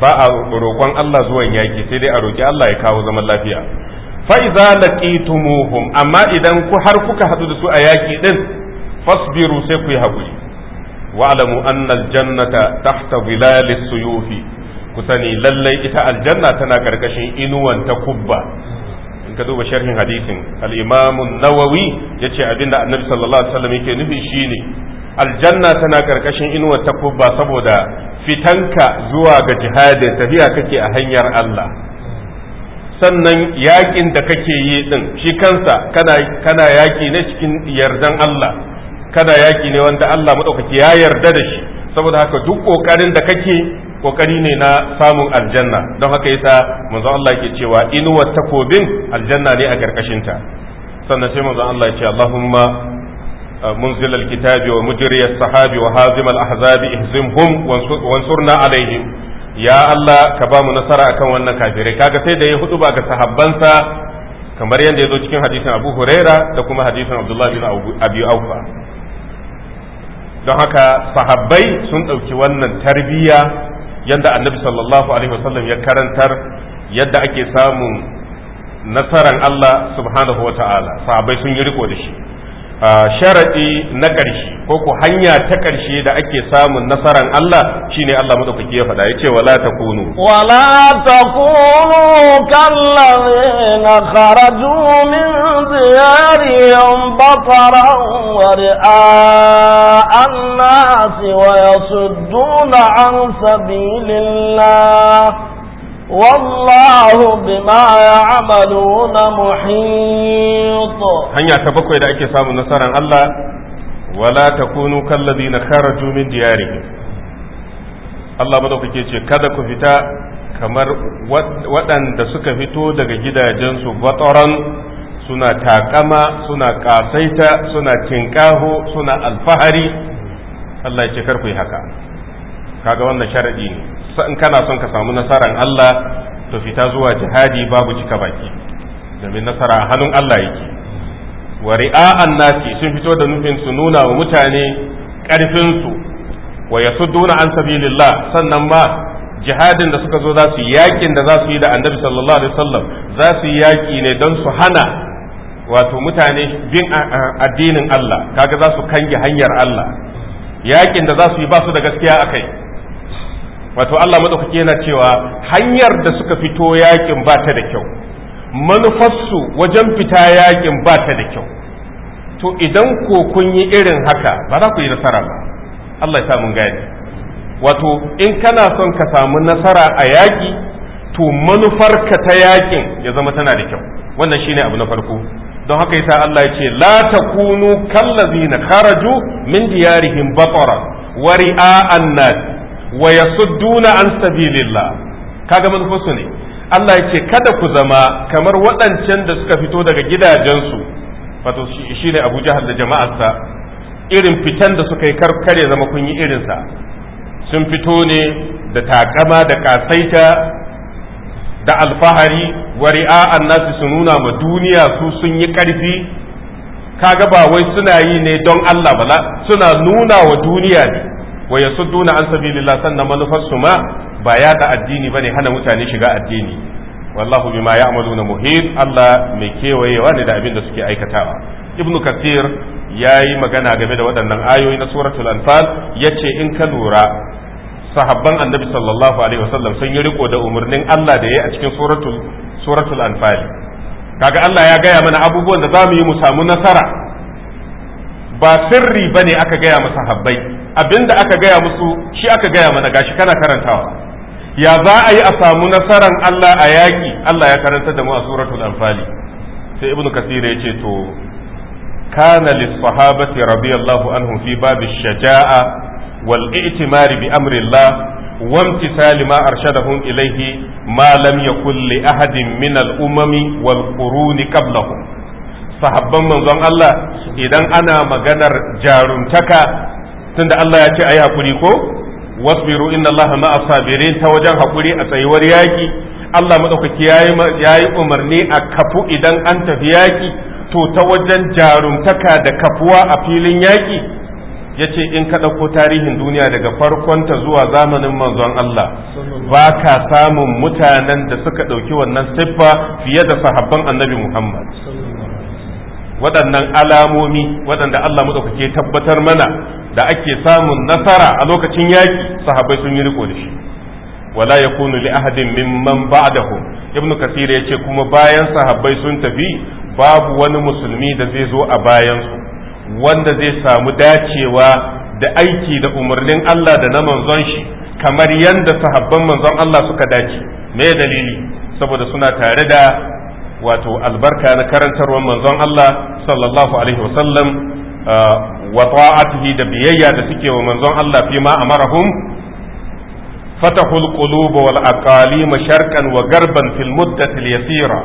ba a roƙon Allah zuwan yaki sai dai a roƙi Allah ya kawo zaman lafiya fa idza laqitumuhum amma idan ku har kuka hadu da su a yaki ɗin fasbiru sai ku yi hakuri wa'lamu anna aljannata tahta zilalis suyufi ku sani lallai ita aljanna tana karkashin inuwan ta kubba in ka duba sharhin hadisin alimamin imam an-nawawi yace abinda annabi sallallahu alaihi wasallam yake nufi shine aljanna tana karkashin inuwar ta kubba saboda fitanka zuwa ga jihadin tafiya kake a hanyar Allah sannan yakin da kake yi din shi kansa kana kana yaki ne cikin yardan Allah kana yaki ne wanda Allah madaukaki ya yarda da shi saboda haka duk kokarin da kake kokari ne na samun aljanna don haka yasa manzo Allah yake cewa inuwar takobin aljanna ne a karkashin ta sannan sai manzo Allah ya ce Allahumma منزل الكتاب ومجري الصحاب وهازم الأحزاب اهزمهم وانصرنا عليهم ya Allah ka ba mu nasara akan wannan kafirai kaga sai da ya hudu ba ga sahabbansa kamar yadda ya zo cikin hadisin Abu Huraira da kuma hadisin Abdullah bin Abi Aufa don haka sahabbai sun ɗauki wannan tarbiyya yadda annabi sallallahu alaihi wasallam ya karantar yadda ake samun nasaran Allah subhanahu wa ta'ala sahabbai sun yi riko da shi sharaɗi na ƙarshe ko ku hanya ta ƙarshe da ake samun nasaran Allah shine Allah madaukaki ya faɗa yace wala takunu wala takunu kallazina kharaju min diyarihim bataran wa ri'a an wa yasudduna an sabilillah والله بما يعملون محيط هنيا تبكوي da ake samun nasaran Allah wala takunu kallazina kharaju min diyarihim Allah madaukake ce kada ku fita kamar waɗanda suka fito daga gidajensu batoran suna takama suna kasaita suna tinkaho suna alfahari Allah ya ce kar ku yi haka kaga wannan sharadi ne in kana son ka samu nasarar Allah to fita zuwa jihadi babu cika baki domin nasara a hannun Allah yake wa ri'a'an nasi sun fito da nufin su nuna wa mutane karfin su wa yasudduna an sabilillah sannan ma jihadin da suka zo za su yakin da za su yi da annabi sallallahu alaihi wasallam za su yi yaki ne don su hana wato mutane bin addinin Allah kaga za su kange hanyar Allah yakin da za su yi ba su da gaskiya akai wato Allah madaukaki yana cewa hanyar da suka fito yakin ba ta da kyau manufarsu wajen fita yakin ba ta da kyau to idan ko kun yi irin haka ba za ku yi nasara ba Allah ya mun gani wato in kana son ka samu nasara a yaki to manufarka ta yakin ya zama tana da kyau wannan shine abu na farko don haka yasa Allah ya ce la takunu kallazina kharaju min diyarihim batara wa ri'a wa yasudduna an sabilillah kaga manufarsu ne Allah ya kada ku zama kamar waɗancan da suka fito daga gidajensu wato shi ne Abu Jahal da jama'arsa irin fitan da suka yi karkare zama kun yi irinsa sun fito ne da takama da kasaita da alfahari wa ri'a nasu su nuna ma duniya su sun yi karfi kaga ba wai suna yi ne don Allah ba suna nuna wa duniya ne wa yasudduna an sabilillah sannan su ma ba da addini bane hana mutane shiga addini wallahu bima ya'maluna muhit Allah mai kewayewa ne da abin da suke aikatawa ibnu kathir yayi magana game da waɗannan ayoyi na suratul anfal yace in ka lura sahabban annabi sallallahu alaihi wasallam sun yi riko da umarnin Allah da yayi a cikin suratul suratul anfal kaga Allah ya gaya mana abubuwan da zamu yi mu samu nasara ba sirri bane aka gaya masa habbai abinda aka gaya musu shi aka gaya mana gashi kana karantawa ya za a yi a samu nasaran Allah a yaƙi Allah ya karanta da mu a suratul anfali sai ibnu kasir ya ce to kana lis sahabati radiyallahu anhum fi babi shaja'a wal i'timar bi amri Allah wa imtisal ma arshadahum ilayhi ma lam yakul li ahadin min al umami wal quruni qablahum sahabban manzon Allah idan ana maganar jaruntaka tunda Allah ya ce ayi hakuri ko wasbiru inna Allah ma'a sabirin ta wajen hakuri a tsayuwar yaki Allah madaukaki yayi umarni a kafu idan an tafi yaki to ta wajen jarumtaka da kafuwa a filin yaki yace in ka ɗauko tarihin duniya daga farkon ta zuwa zamanin manzon Allah ba ka samun mutanen da suka ɗauki wannan siffa fiye da sahabban annabi Muhammad waɗannan alamomi waɗanda Allah ya tabbatar mana da ake samun nasara a lokacin yaki sahabbai sun yi riko da shi wala yakunu li ahadin mimman ba'dahu ibnu ya yace kuma bayan sahabbai sun tafi babu wani musulmi da zai zo a bayan su wanda zai samu dacewa da aiki da umarnin Allah da na manzon shi kamar yadda sahabban manzon Allah suka dace me dalili saboda suna tare da wato albarka na karantarwar manzon Allah sallallahu alaihi wasallam uh, wa ta'atihi da biyayya da suke wa manzon Allah fi ma amarahum fatahul qulub wal aqalim sharqan wa garban fil muddati al yasira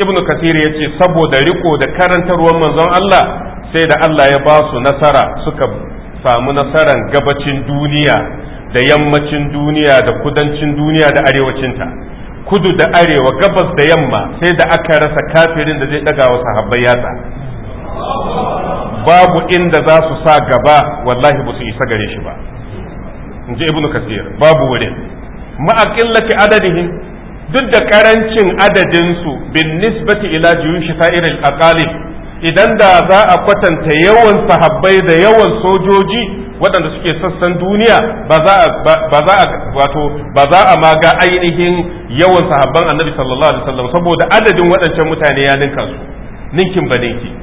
ibnu kathir yace saboda riƙo da karantarwar manzon Allah sai da Allah ya ba su nasara suka samu nasaran gabacin duniya da yammacin duniya da kudancin duniya da arewacinta kudu da arewa gabas da yamma sai da aka rasa kafirin da zai daga wa sahabbai yatsa babu inda za su sa gaba wallahi ba su isa gare shi ba in ji ibnu kasir babu wurin fi adadihim duk da karancin adadin su bin nisbati ila juyushi sa'iril aqali idan da za a kwatanta yawan sahabbai da yawan sojoji waɗanda suke sassan duniya ba za a wato ba za a ma ainihin yawan sahabban annabi sallallahu alaihi wasallam saboda adadin waɗancan mutane ya ninka su ninkin ba ninki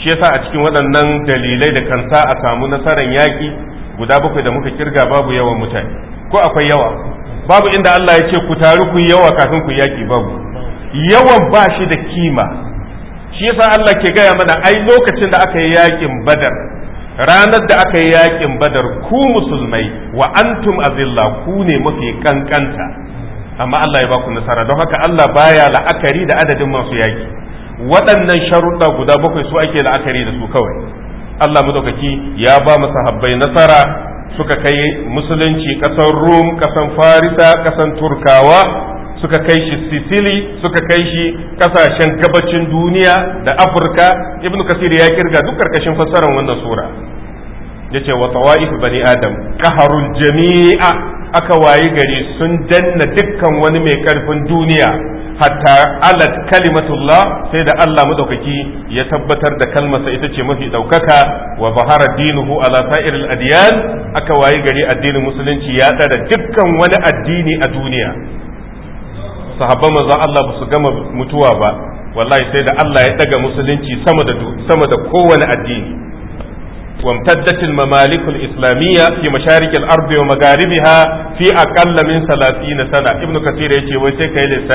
shi yasa a cikin waɗannan dalilai da kansa a samu nasarar yaƙi guda bakwai da muka kirga babu yawan mutane ko akwai yawa babu inda Allah ya ce ku taru ku yawa kafin ku yaƙi babu yawan ba shi da kima shi yasa Allah ke gaya mana ai lokacin da aka yi yaƙin badar ranar da aka yi yaƙin badar ku musulmai wa antum azilla ku ne mafi kankanta amma Allah ya ba nasara don haka Allah baya la'akari da adadin masu yaƙi waɗannan sharuɗa guda bakwai su ake la'akari da su kawai Allah madaukaki ya ba mu sahabbai nasara suka kai musulunci ƙasar Rum ƙasar Farisa ƙasar Turkawa suka kai shi Sicily suka kai shi ƙasashen gabacin duniya da Afirka Ibn Kasir ya kirga duk karkashin fassarar wannan sura yace wa tawa'if bani adam qaharul jami'a aka wayi gari sun danna dukkan wani mai karfin duniya hatta alat kalimatullah sai da Allah madaukaki ya tabbatar da kalmarsa ita ce mafi daukaka wa bahara dinuhu ala sa'iril adiyan, aka wayi gari addinin musulunci ya tsara dukkan wani addini a duniya sahabban manzon Allah ba su gama mutuwa ba wallahi sai da Allah ya daga musulunci sama da sama da kowane addini وامتدت الممالك الإسلامية في مشارق الأرض ومغاربها في أقل من ثلاثين سنة ابن كثير يجي ويسيك إلى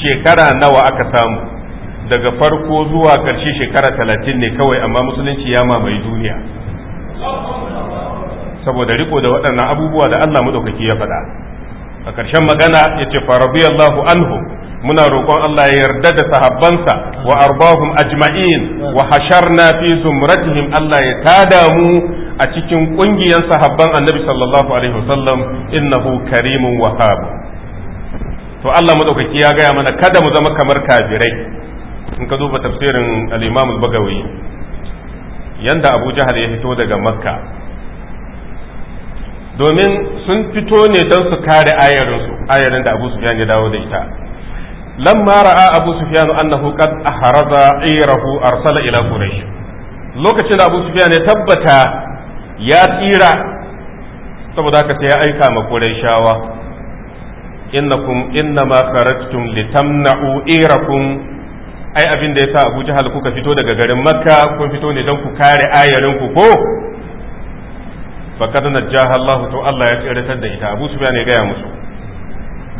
Shekara nawa aka samu? daga farko zuwa ƙarshe shekara talatin ne kawai amma musulunci ya mamaye duniya saboda riko da waɗannan abubuwa da Allah madaukaki ya faɗa a ƙarshen magana ya ce farabiyallahu anhu muna roƙon Allah ya yarda da sahabbansa wa arbahum ajma'in wa hasharna fi zumratihim Allah ya tada mu a cikin ƙungiyar sahabban annabi sallallahu alaihi wasallam innahu karimun wahhab to Allah madaukaki ya gaya mana kada mu zama kamar kafirai in ka duba tafsirin al-Imam al-Bagawi yanda Abu Jahal ya fito daga Makka domin sun fito ne don su kare su. ayarin da Abu Sufyan ya dawo da ita lamma ra'a abu sufyan annahu qad ahraza irahu arsala ila quraish lokacin da abu ya tabbata ya tsira saboda haka sai ya aika ma qurayshawa innakum innama kharajtum litamna'u irakum ai abin da sa Abuja jahal kuka fito daga garin makka kun fito ne dan ku kare ayarin ku ko faqad najjaha Allah to Allah ya tsiratar da ita abu ya gaya musu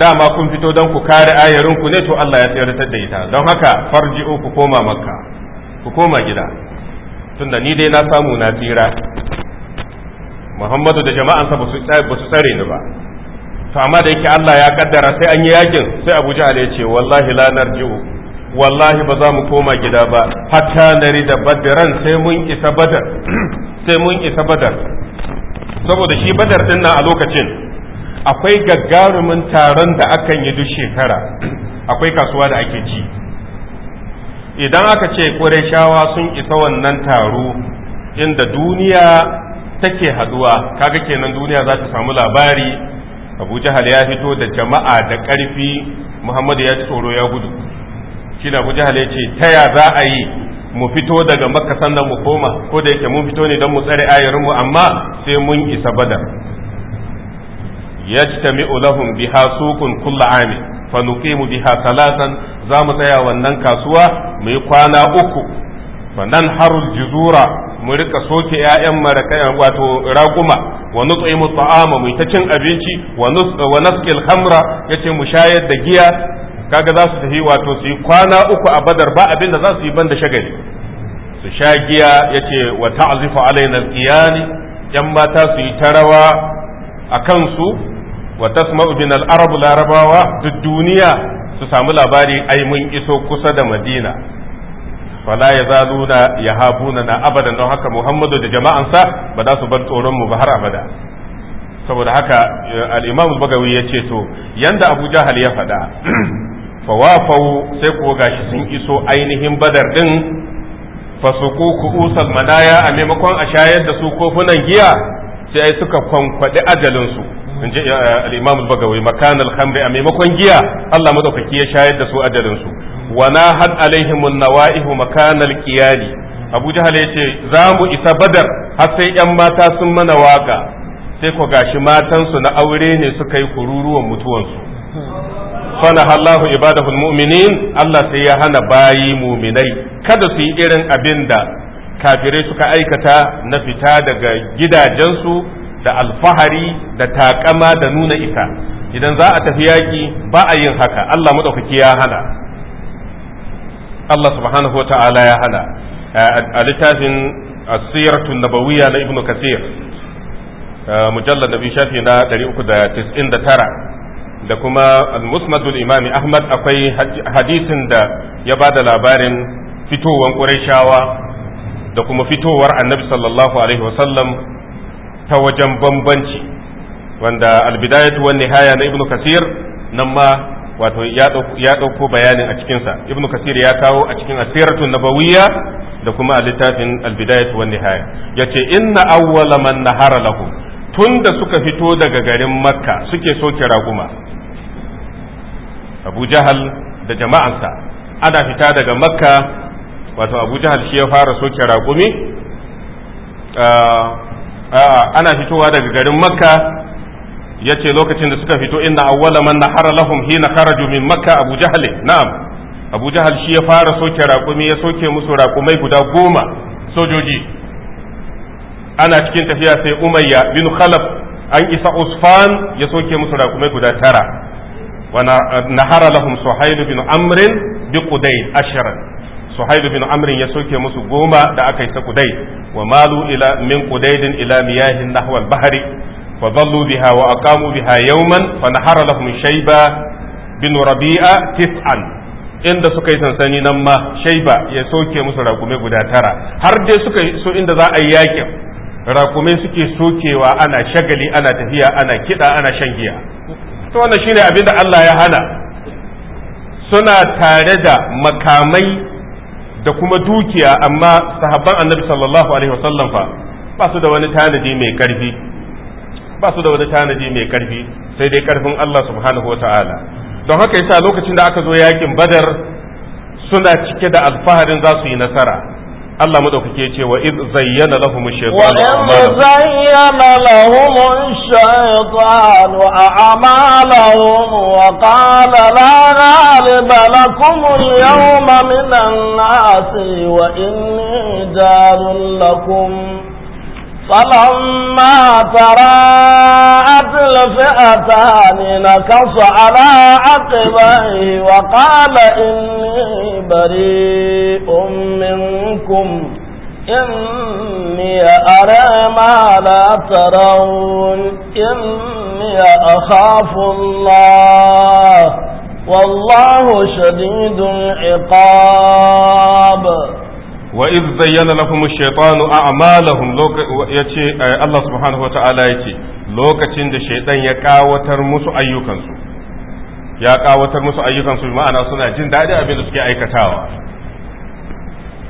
dama kun fito don ku kare ayarinku ne to Allah ya tsayar da ita don haka farji'u ku koma makka ku koma gida tunda ni dai na samu na tsira Muhammadu da jama'ansa ba basu tsare ni ba to amma da yake Allah ya kaddara sai an yi yakin sai Abu Jahal ya ce wallahi la narji'u wallahi ba za mu koma gida ba hatta nari da badran sai mun isa badar sai mun isa badar saboda shi badar din nan a lokacin akwai gaggarumin taron da akan yi duk shekara akwai kasuwa da ake ci idan aka ce ƙurashawa sun isa wannan taro inda duniya take haduwa kaga kenan duniya za ta samu labari abu jahal ya fito da jama'a da ƙarfi muhammadu ya tsoro ya gudu shi na abu jahal ya ce ta ya za a yi mu fito daga makasan sannan mu koma ko da yake mun fito ne don mu tsare ayarinmu amma sai mun isa badar yajtami'u lahum biha sukun kullu ami fa nuqimu biha salatan za mu tsaya wannan kasuwa mai kwana uku fa nan harul juzura mu rika soke ƴaƴan marakai wato raguma wa nut'imu ta'ama mu ta cin abinci wa hamra khamra yace mu shayar da giya kaga za su tafi wato su yi kwana uku a badar ba abinda za su yi banda shagali su sha giya yace wa ta'zifu alaina al-qiyani yan mata su yi tarawa a kansu wa tasma'u min al-arab larabawa duk duniya su samu labari ai mun iso kusa da madina fala ya yahabuna na abadan don haka muhammadu da jama'ansa ba za su bar tsoron mu ba har abada saboda haka eh, al-imam bagawi ya ce to yanda abu jahal ya faɗa fawafau sai kuwa gashi sun iso ainihin badar din ku ku'usal manaya a maimakon a shayar da su kofunan giya sai suka kwankwaɗi ajalinsu in ji al-imam al-bagawi makan al-khamri a maimakon giya Allah madaukaki ya shayar da su ajalinsu su wa nahat alaihim an-nawaihu makan al-qiyali Abu Jahal ya ce za mu isa Badar har sai yan mata sun mana waka sai ko gashi matan na aure ne suka yi kururuwan mutuwansu. su fana Allahu ibadahu al-mu'minin Allah sai ya hana bayi mu'minai kada su yi irin abin da kafirai suka aikata na fita daga gidajensu da alfahari da takama da nuna ita idan za a tafi yaƙi ba a yin haka Allah maɗaukaki ya hana Allah subhanahu wa ta'ala ya hana a littafin asiratun nabawiyya na ibnu kasir mujallar nabi shafi na 399 da kuma al musmadul imami ahmad akwai hadisin da ya ba da labarin fitowar ƙurashawa da kuma fitowar annabi sallallahu alaihi wasallam ta wajen bambanci wanda albidayatu wa nihaya na ibnu kasir nan ma wato ya ɗauko bayanin a cikinsa ibnu kasir ya kawo a cikin asiratu nabawiyya da kuma a littafin albidayatu wan nihaya yace inna awwala man nahara lahu tun da suka fito daga garin makka suke soke raguma abu jahal da jama'ansa ana fita daga makka wato abu jahal shi ya fara soke ragumi ah, A'a ah, ana fitowa daga garin makka ya ce lokacin da suka fito inna awwala man nahara lahum hina kharaju min makka abu jahl na'am abu jahl shi ya fara soke raƙumi ya soke musu raƙumai guda goma sojoji ana cikin tafiya sai umayya bin khalaf an isa usfan ya soke musu raƙumai guda tara wa nahara lahum suhailu bin amrin bi qudayd ashara suhaib bin amrin ya soke musu goma da aka yi ta kudai wa malu ila min kudaidin ila miyahin nahwal bahari fa dhallu biha wa aqamu biha yawman fa nahara lahum shayba bin rabi'a tis'an inda suka yi sansani nan ma shaiba ya soke musu rakume guda tara har dai suka so inda za a yi yakin rakume suke sokewa ana shagali ana tafiya ana kida ana shan giya to wannan shine abin da Allah ya hana suna tare da makamai da kuma dukiya amma sahabban annabi sallallahu alaihi wasallam fa ba su da wani tanadi mai karfi ba su da wani tanadi mai karfi sai dai karfin Allah subhanahu wataala don haka yasa lokacin da aka zo yakin badar suna cike da alfaharin za su yi nasara Allah madaukake ce wa iz zayyana lahum ash-shaytanu zayyana lahum ash-shaytanu a'malahum wa qala la ghaliba lakum al-yawma min an-nasi wa inni jarun lakum فلما تراءت الفئتان نكص على عقبيه وقال إني بريء منكم إني أرى ما لا ترون إني أخاف الله والله شديد العقاب wa iz zayyana lahum ash-shaytanu a'malahum yace eh, Allah subhanahu wata'ala yace lokacin da shaytan ya kawatar musu ayyukansu ya kawatar musu ayyukansu ma'ana suna jin daɗi abin da suke aikatawa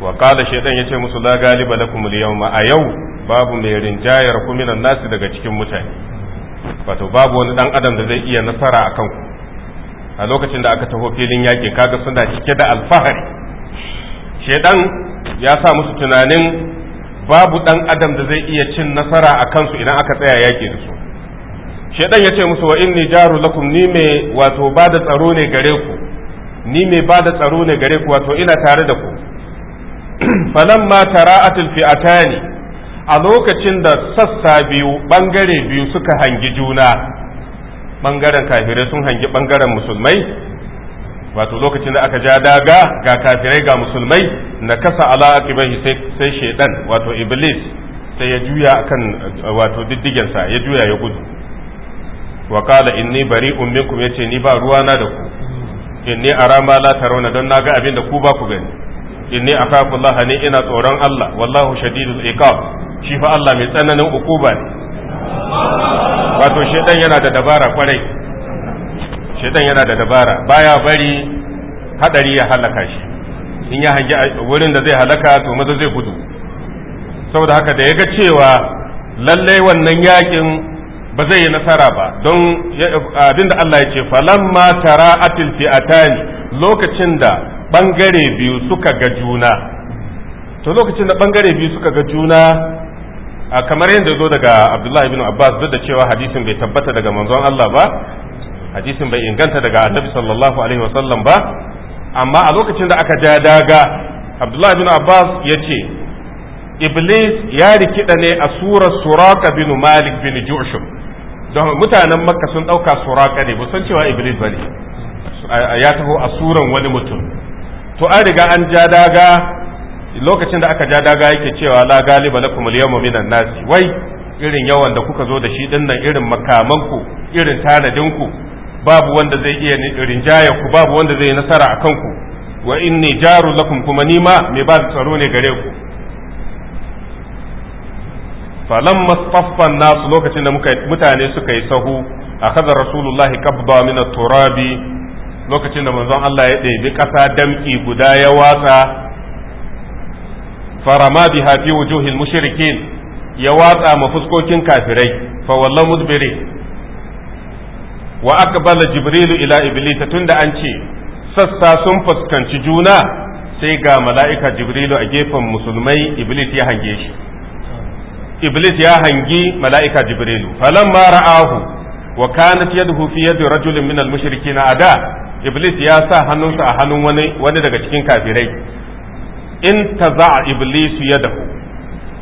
wa qala shaytan yace musu la galiba lakum al-yawma a yau babu mai rinjayar ku minan nasi daga cikin mutane wato babu wani dan adam da zai iya nasara akan ku a lokacin da aka taho filin yaƙi kaga suna cike da alfahari shedan ya sa musu tunanin babu dan adam da zai iya cin nasara a kansu idan aka tsaya yaki da su shedan ya ce musu wa inni jaru lakum ni me wato ba da tsaro ne gare ku ni me ba da tsaro ne gare ku wato ina tare da ku falamma tara'atul fi'atani a lokacin da sassa biyu bangare biyu suka hangi juna bangaren kafirai sun hangi bangaren musulmai wato lokacin da aka ja daga ga kafirai ga musulmai na kasa ala akibai sai shaidan wato iblis sai ya juya akan wato diddigensa ya juya ya gudu wa qala inni bari'un minkum yace ni ba ruwa na da ku inni ara ma la tarawna don naga abin da ku ba ku gani inni akhafu Allah ne ina tsoron Allah wallahu shadidul iqab shi fa Allah mai tsananin ukuba ne wato shaidan yana da dabara kwarai shaitan yana da dabara baya bari hadari ya halaka shi in ya hangi wurin da zai halaka to maza zai gudu saboda haka da ya ga cewa lallai wannan yakin ba zai yi nasara ba don abinda Allah ya ce ma tara atil fi'atani lokacin da bangare biyu suka ga juna to lokacin da bangare biyu suka ga juna kamar yadda zo daga Abdullahi bin Abbas duk da cewa hadisin bai tabbata daga manzon Allah ba hadisin bai inganta daga annabi sallallahu alaihi wasallam ba amma a lokacin da aka ja daga abdullahi bin abbas ya ce iblis ya rikida ne a surar suraka bin malik bin jushum don mutanen makka sun ɗauka suraka ne san cewa iblis ba ya taho a suran wani mutum to an riga an ja daga lokacin da aka ja daga yake cewa la galiba lakum al-yawma minan nasi wai irin yawan da kuka zo da shi dinnan irin makamanku irin tanadinku babu wanda zai iya rinjaya ku babu wanda zai nasara a kanku wa inni jaru lakum kuma ma mai ba tsaro ne gare ku falan masfaffan nasu lokacin da mutane suka yi sahu a kazar rasulullahi kabba min turabi lokacin da manzon Allah ya ɗebi ƙasa damƙi guda ya watsa farama biha fi wujuhil mushrikin ya watsa ma fuskokin kafirai fa wallahu mudbirin wa bala jibrilu ila iblisa tunda an ce sassa sun fuskanci juna sai ga mala'ika jibrilu a gefen musulmai iblis ya hange shi iblis ya hangi mala'ika jibrilu falamma ra'ahu wa kanat yaduhu fi yadi rajulin min al-mushrikin ada iblis ya sa hannunsa a hannun wani wani daga cikin kafirai in taza'a iblis yadahu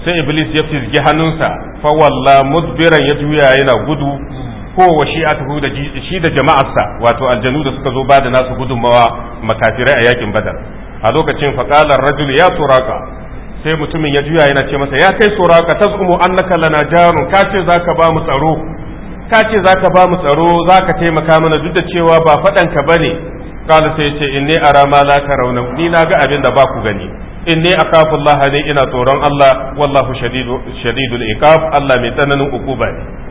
sai iblis ya fizgi hannunsa fa walla mudbiran ya juya yana gudu ko wa shi'atuhu da shi da jama'arsa wato aljanu da suka zo ba da nasu gudunmawa makafirai a yakin badar a lokacin faƙalar rajul ya suraka sai mutumin ya juya yana ce masa ya kai suraka tazumu annaka lana jarun ka ce zaka ba mu tsaro ka ce ka ba mu tsaro za ka taimaka mana duk da cewa ba faɗanka ba ne, kala sai ce in ne a rama la rauna ni na ga abin da ba ku gani in ne kafin kafin ne ina tsoron Allah wallahu shadidul iqab Allah mai tsananin ukuba ne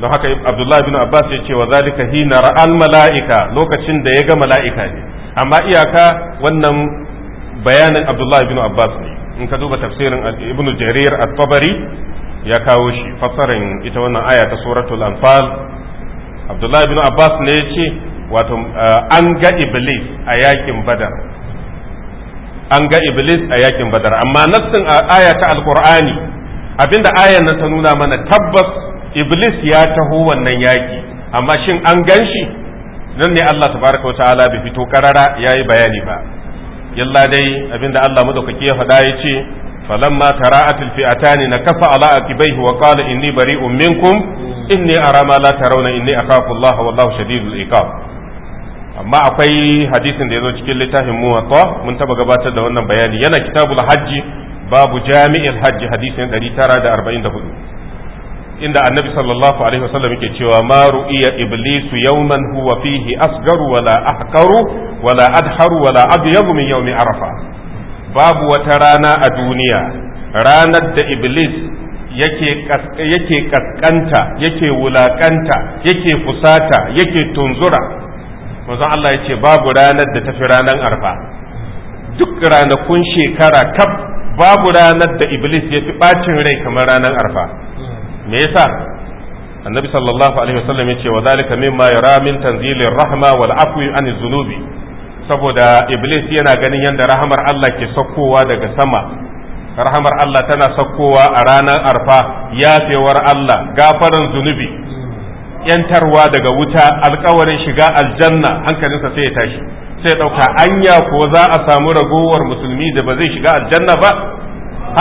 don haka abdullahi bin abbas ya ce wa zalika hina ra'al mala'ika lokacin da ya ga mala'ika ne amma iyaka wannan bayanin abdullahi bin abbas ne in ka duba tafsirin ibn jarir at-tabari ya kawo shi fassarin ita wannan aya ta suratul anfal abdullahi bin abbas ne ya ce wato uh, an ga iblis a yakin badar an ga iblis a yakin badar amma nassin aya ta alqur'ani abinda ayan nan ta nuna mana tabbas iblis ya taho wannan yaki amma shin an gan shi nan ne Allah tabaraka wa ta'ala bai fito karara yayi bayani ba yalla dai abinda Allah madaukaki ya faɗa ya ce falamma tara'at alfi'atani nakafa ala aqibaihi wa qala inni bari'un minkum inni ara ma la tarawna inni akhafu Allah wallahu shadidul iqab amma akwai hadisin da yazo cikin littafin muwatta mun taba gabatar da wannan bayani yana kitabul hajji babu jami'il hajji hadisin 944 inda annabi sallallahu alaihi wasallam yake cewa ma ru'iya iblisu yawman huwa fihi asgaru wala ahqaru wala adharu wala abyagu min yawmi arafa babu wata rana a duniya ranar da iblis yake yake kaskanta yake wulakanta yake fusata yake tunzura manzon Allah yace babu ranar da tafi ranar arfa duk ranakun shekara kaf babu ranar da iblis ya fi bacin rai kamar ranar arfa me yasa annabi sallallahu alaihi wasallam yace wa zalika mimma yara min tanzilir rahma wal afwi an zunubi saboda iblis yana ganin yadda rahamar Allah ke sakkowa daga sama rahamar Allah tana sakkowa a ranar arfa yafewar Allah gafaran zunubi yantarwa daga wuta alkawarin shiga aljanna hankalinsa sai ya tashi sai ɗauka anya ko za a samu ragowar musulmi da ba zai shiga aljanna ba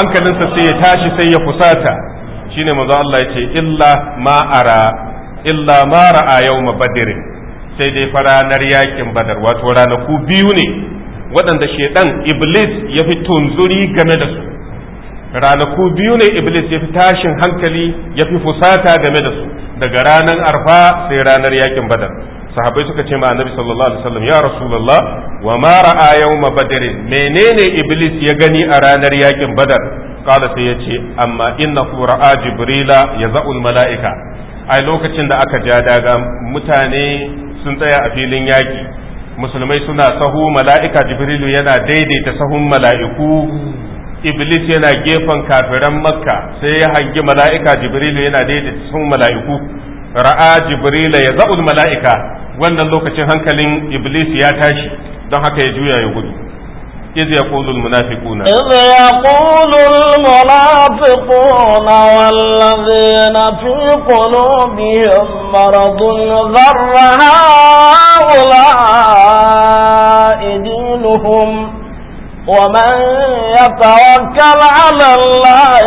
hankalinsa sai ya tashi sai ya fusata shine manzo Allah yace illa ma ara illa ma ra'a yawma badr sai dai ranar yakin badar wato ranaku biyu ne waɗanda shedan iblis ya fi tunzuri game da su ranaku biyu ne iblis ya fi tashin hankali ya fi fusata game da su daga ranar arfa sai ranar yakin badar sahabbai suka ce ma annabi sallallahu alaihi wasallam ya rasulullah wa ma ra'a yawma badr menene iblis ya gani a ranar yakin badar qala sai ya ce amma innahu ra'a jibrila yaz'ul mala'ika ai lokacin da aka ja daga mutane sun tsaya a filin yaki musulmai suna sahu mala'ika jibrilu yana daidaita sahun mala'iku iblis yana gefen kafiran makka sai ya hangi mala'ika jibrilu yana daidaita sahun mala'iku ra'a jibrila ya za'ul mala'ika wannan lokacin hankalin iblis ya tashi don haka ya juya ya gudu إذ يقول المنافقون إذ يقول المنافقون والذين في قلوبهم مرض غر هؤلاء دينهم ومن يتوكل على الله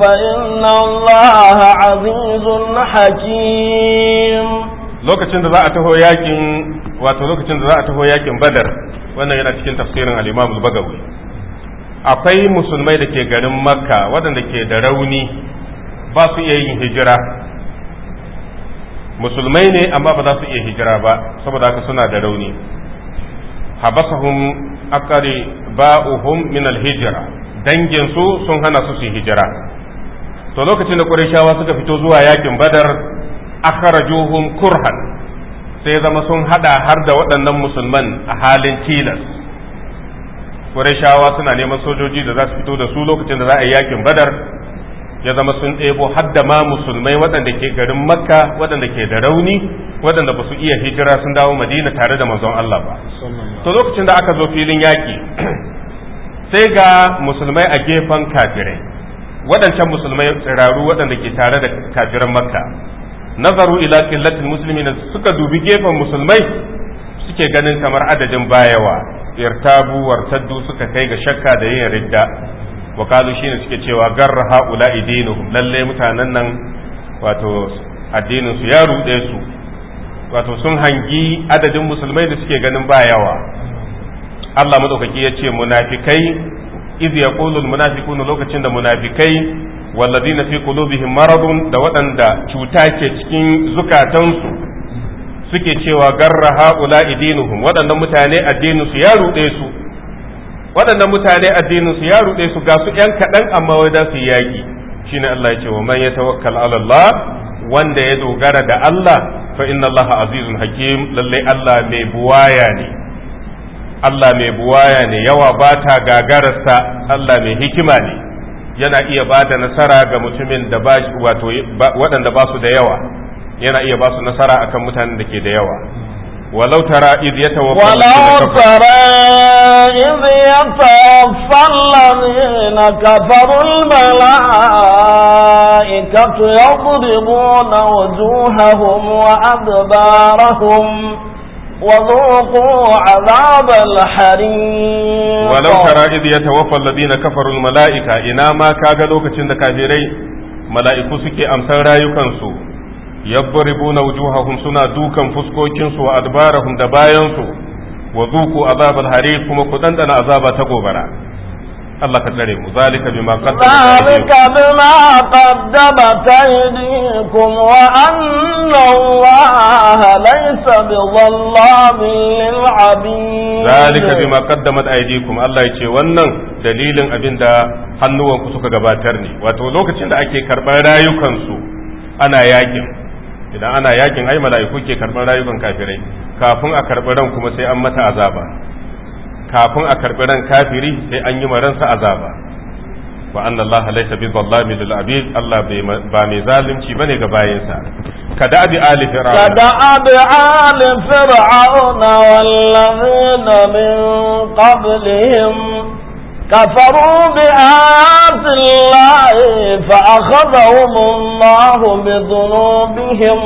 فإن الله عزيز حكيم lokacin da za a taho yakin wato lokacin da za a taho yakin badar wannan yana cikin tafsirin Alimami imam al-bagawi akwai musulmai da ke garin makka waɗanda ke da rauni ba su iya yin hijira musulmai ne amma ba za su iya hijira ba saboda haka suna da rauni habasahum akari ba'uhum min alhijra dangin su sun hana su su hijira to lokacin da qurayshawa suka fito zuwa yakin badar akharajuhum kurhan sai zama sun hada har da waɗannan musulman a halin tilas qurayshawa suna neman sojoji da za su fito da su lokacin da za a yi yakin badar ya zama sun ɗebo har ma musulmai waɗanda ke garin makka waɗanda ke da rauni waɗanda ba su iya hijira sun dawo madina tare da manzon Allah ba to lokacin da aka zo filin yaƙi sai ga musulmai a gefen kafirai waɗancan musulmai tsiraru waɗanda ke tare da kafiran makka nazaru ila qillatil muslimin suka dubi gefen musulmai suke ganin kamar adadin bayawa irtabu wartaddu suka kai ga shakka da yin ridda wa kalu shine suke cewa gar haula idinuhum lalle mutanen nan wato addinin su ya rude su wato sun hangi adadin musulmai da suke ganin ba yawa Allah madaukaki ya ce munafikai idh yaqulu almunafiqun lokacin da munafikai walladina fi qulubihim maradun da waɗanda cuta ke cikin zukatansu suke cewa gar haula idinuhum waɗannan mutane addinin su ya rude su waɗannan mutane addinin su ya ruɗe su ga su ƴan kaɗan amma wai su yaƙi shine Allah ya ce wa man yatawakkal ala Allah wanda ya dogara da Allah fa inna Allah azizun hakim lalle Allah mai buwaya ne Allah mai buwaya ne yawa ba ta gagararsa Allah mai hikima ne yana iya ba da nasara ga mutumin da ba wato waɗanda ba su da yawa yana iya ba su nasara akan mutanen da ke da yawa ولو ترى إذ يتوفى ولو ترى إذ يتوفى الذين كفروا الملائكة يضربون وجوههم وأدبارهم وذوقوا عذاب الحريق ولو ترى إذ يتوفى الذين كفروا الملائكة إنما كاغدوك تشند كافرين ملائكو سكي أمسان رايكنسو yadribuna wujuhahum suna dukan fuskokinsu su wa adbarahum da bayan su wa zuqu azabal harir kuma ku dandana azaba ta gobara Allah ka tsare mu zalika bima qaddama bima qaddamat aydikum wa anna Allah laysa bidhallamin lil abid zalika wannan dalilin abinda hannuwanku suka gabatar ne wato lokacin da ake karban rayukansu ana yaƙin. idan ana yakin ai mala'iku ke karɓar rayukan kafirai kafin a karɓi ran kuma sai an mata azaba kafin a karɓi ran kafiri sai an yi maransa azaba wa anna allaha laysa bi dhallamin lil abid allah ba mai zalunci bane ga bayinsa kada abi ali fir'auna kada abi ali fir'auna wallazina min qablihim كفروا بآيات الله فأخذهم الله بذنوبهم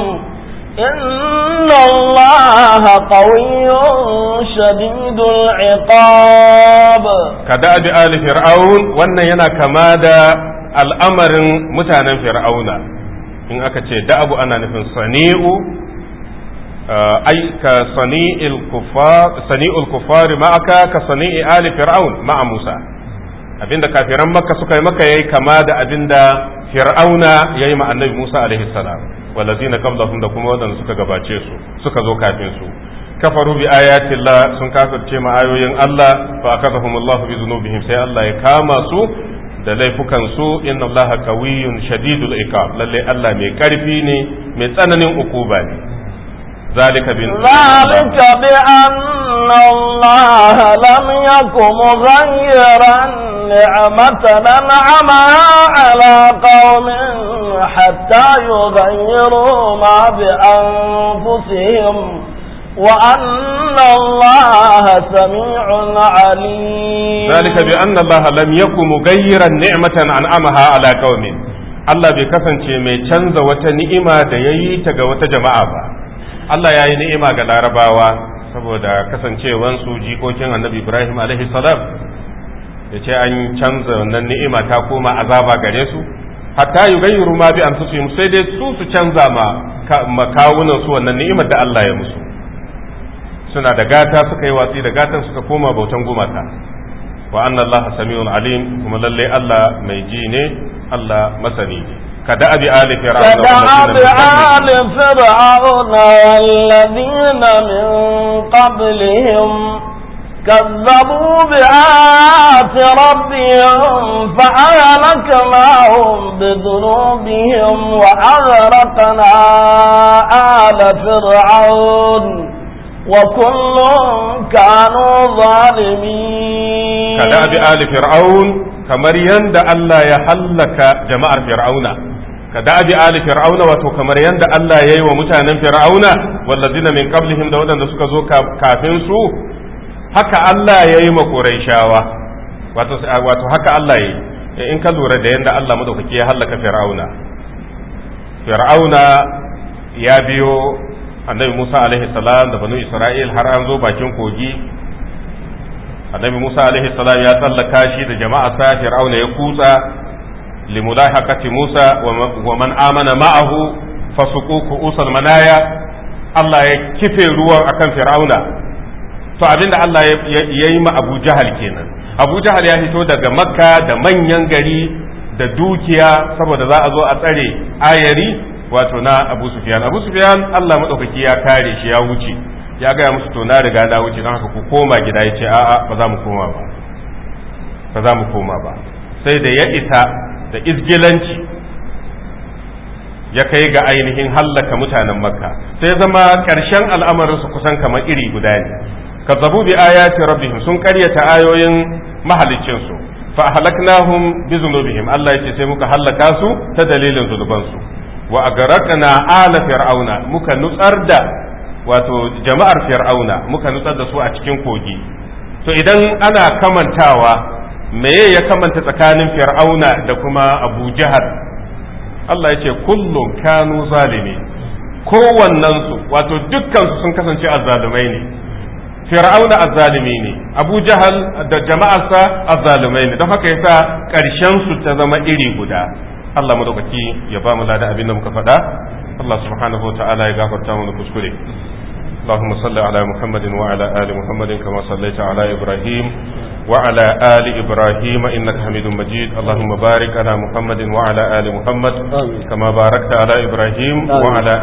إن الله قوي شديد العقاب كدأب آل فرعون وأن ينا كما دا الأمر متانا فرعون إن أكتش دأب أنا نفن صنيع أي كصنيع الكفار صنيع الكفار معك كصنيع آل فرعون مع موسى abinda kafiran makka suka yi maka yayi kama da abinda fir'auna yayi ma annabi Musa alaihi salam wallazina qablahum da kuma wadanda suka gabace su suka zo kafin su kafaru bi ayatillah sun kafirce ma ayoyin Allah fa akadahum Allah bi dhunubihim sai Allah ya kama su da laifukan su inna Allah qawiyyun shadidul iqab lalle Allah mai karfi ne mai tsananin ukuba ne ذلك بأن ذلك بأن الله لم يكن مغيرا نعمة ننعمها على قوم حتى يغيروا ما بأنفسهم وأن الله سميع عليم ذلك بأن الله لم يكن مغيرا نعمة أنعمها على قوم Allah bai kasance mai canza wata ni'ima da ya yi ta ga wata jama'a ba, Allah ya yi ni'ima ga larabawa saboda kasancewansu jikokin annabi ibrahim alaihi salam ya ce an canza wannan ni'ima ta koma azaba gare su hatta yi gayyaru ma bi anfusihim sai dai su su canza ma makawunan su wannan ni'imar da Allah ya musu suna da gata suka yi watsi da gatan suka koma bautan gumata wa anna Allah samiul alim kuma lalle Allah mai ji ne Allah masani ne كدأب آل فرعون كدأب آل فرعون والذين من قبلهم كذبوا بآيات ربهم فأهلكناهم بذنوبهم وأغرقنا آل فرعون وكل كانوا ظالمين كدأب آل فرعون kamar دا الله يحلك جماعة فرعون ka da'abi ali fir'auna wato kamar yanda Allah yayi wa mutanen fir'auna wallazina min qablihim da wadanda suka zo kafin su haka Allah yayi ma quraishawa wato wato haka Allah yayi eh, in ka lura da yanda Allah madaukaki ya halaka fir'auna fir'auna ya biyo annabi Musa alaihi salam da banu Isra'il har an zo bakin kogi annabi Musa alaihi salam ya tallaka shi da jama'a sa fir'auna ya kutsa لملاحقة موسى ومن آمن معه فسقوا كؤوس المنايا Allah ya kife ruwan akan Fir'auna to abin Allah ya yi ma Abu kenan Abu ya fito daga Makka da manyan gari da dukiya saboda za a zo a tsare ayari wato na Abu Sufyan Abu Sufyan Allah madaukaki ya kare shi ya wuce ya gaya musu to na riga na wuce don haka ku koma gida yace a'a ba za mu koma ba ba za mu koma ba sai da ya isa da izgilanci ya kai ga ainihin hallaka mutanen makka sai zama ƙarshen su kusan kamar iri guda ne Ka zabu bi ayati rabbihim sun karyata ayoyin mahalicinsu fa halaknahum bi zunubihim Allah ce sai muka hallaka su ta dalilin su. wa agraqna ala fir'auna muka nutsar da wato jama'ar fir'auna muka nutsar da su a cikin kogi to idan ana kamantawa meye ya kamanta tsakanin fir'auna da kuma abu jahal Allah ya ce kullum kanu zalimi su wato dukkansu sun kasance azzalumai ne fir'auna azzalumi ne abu jahal da jama'arsa azzalumai ne don haka yasa su ta zama iri guda Allah madaukaki ya ba mu ladan abin da muka faɗa Allah subhanahu wa ta'ala ya gafarta mana kuskure اللهم صل على محمد وعلى آل محمد كما صليت على إبراهيم وعلى آل إبراهيم إنك حميد مجيد اللهم بارك على محمد وعلى آل محمد كما باركت على إبراهيم وعلى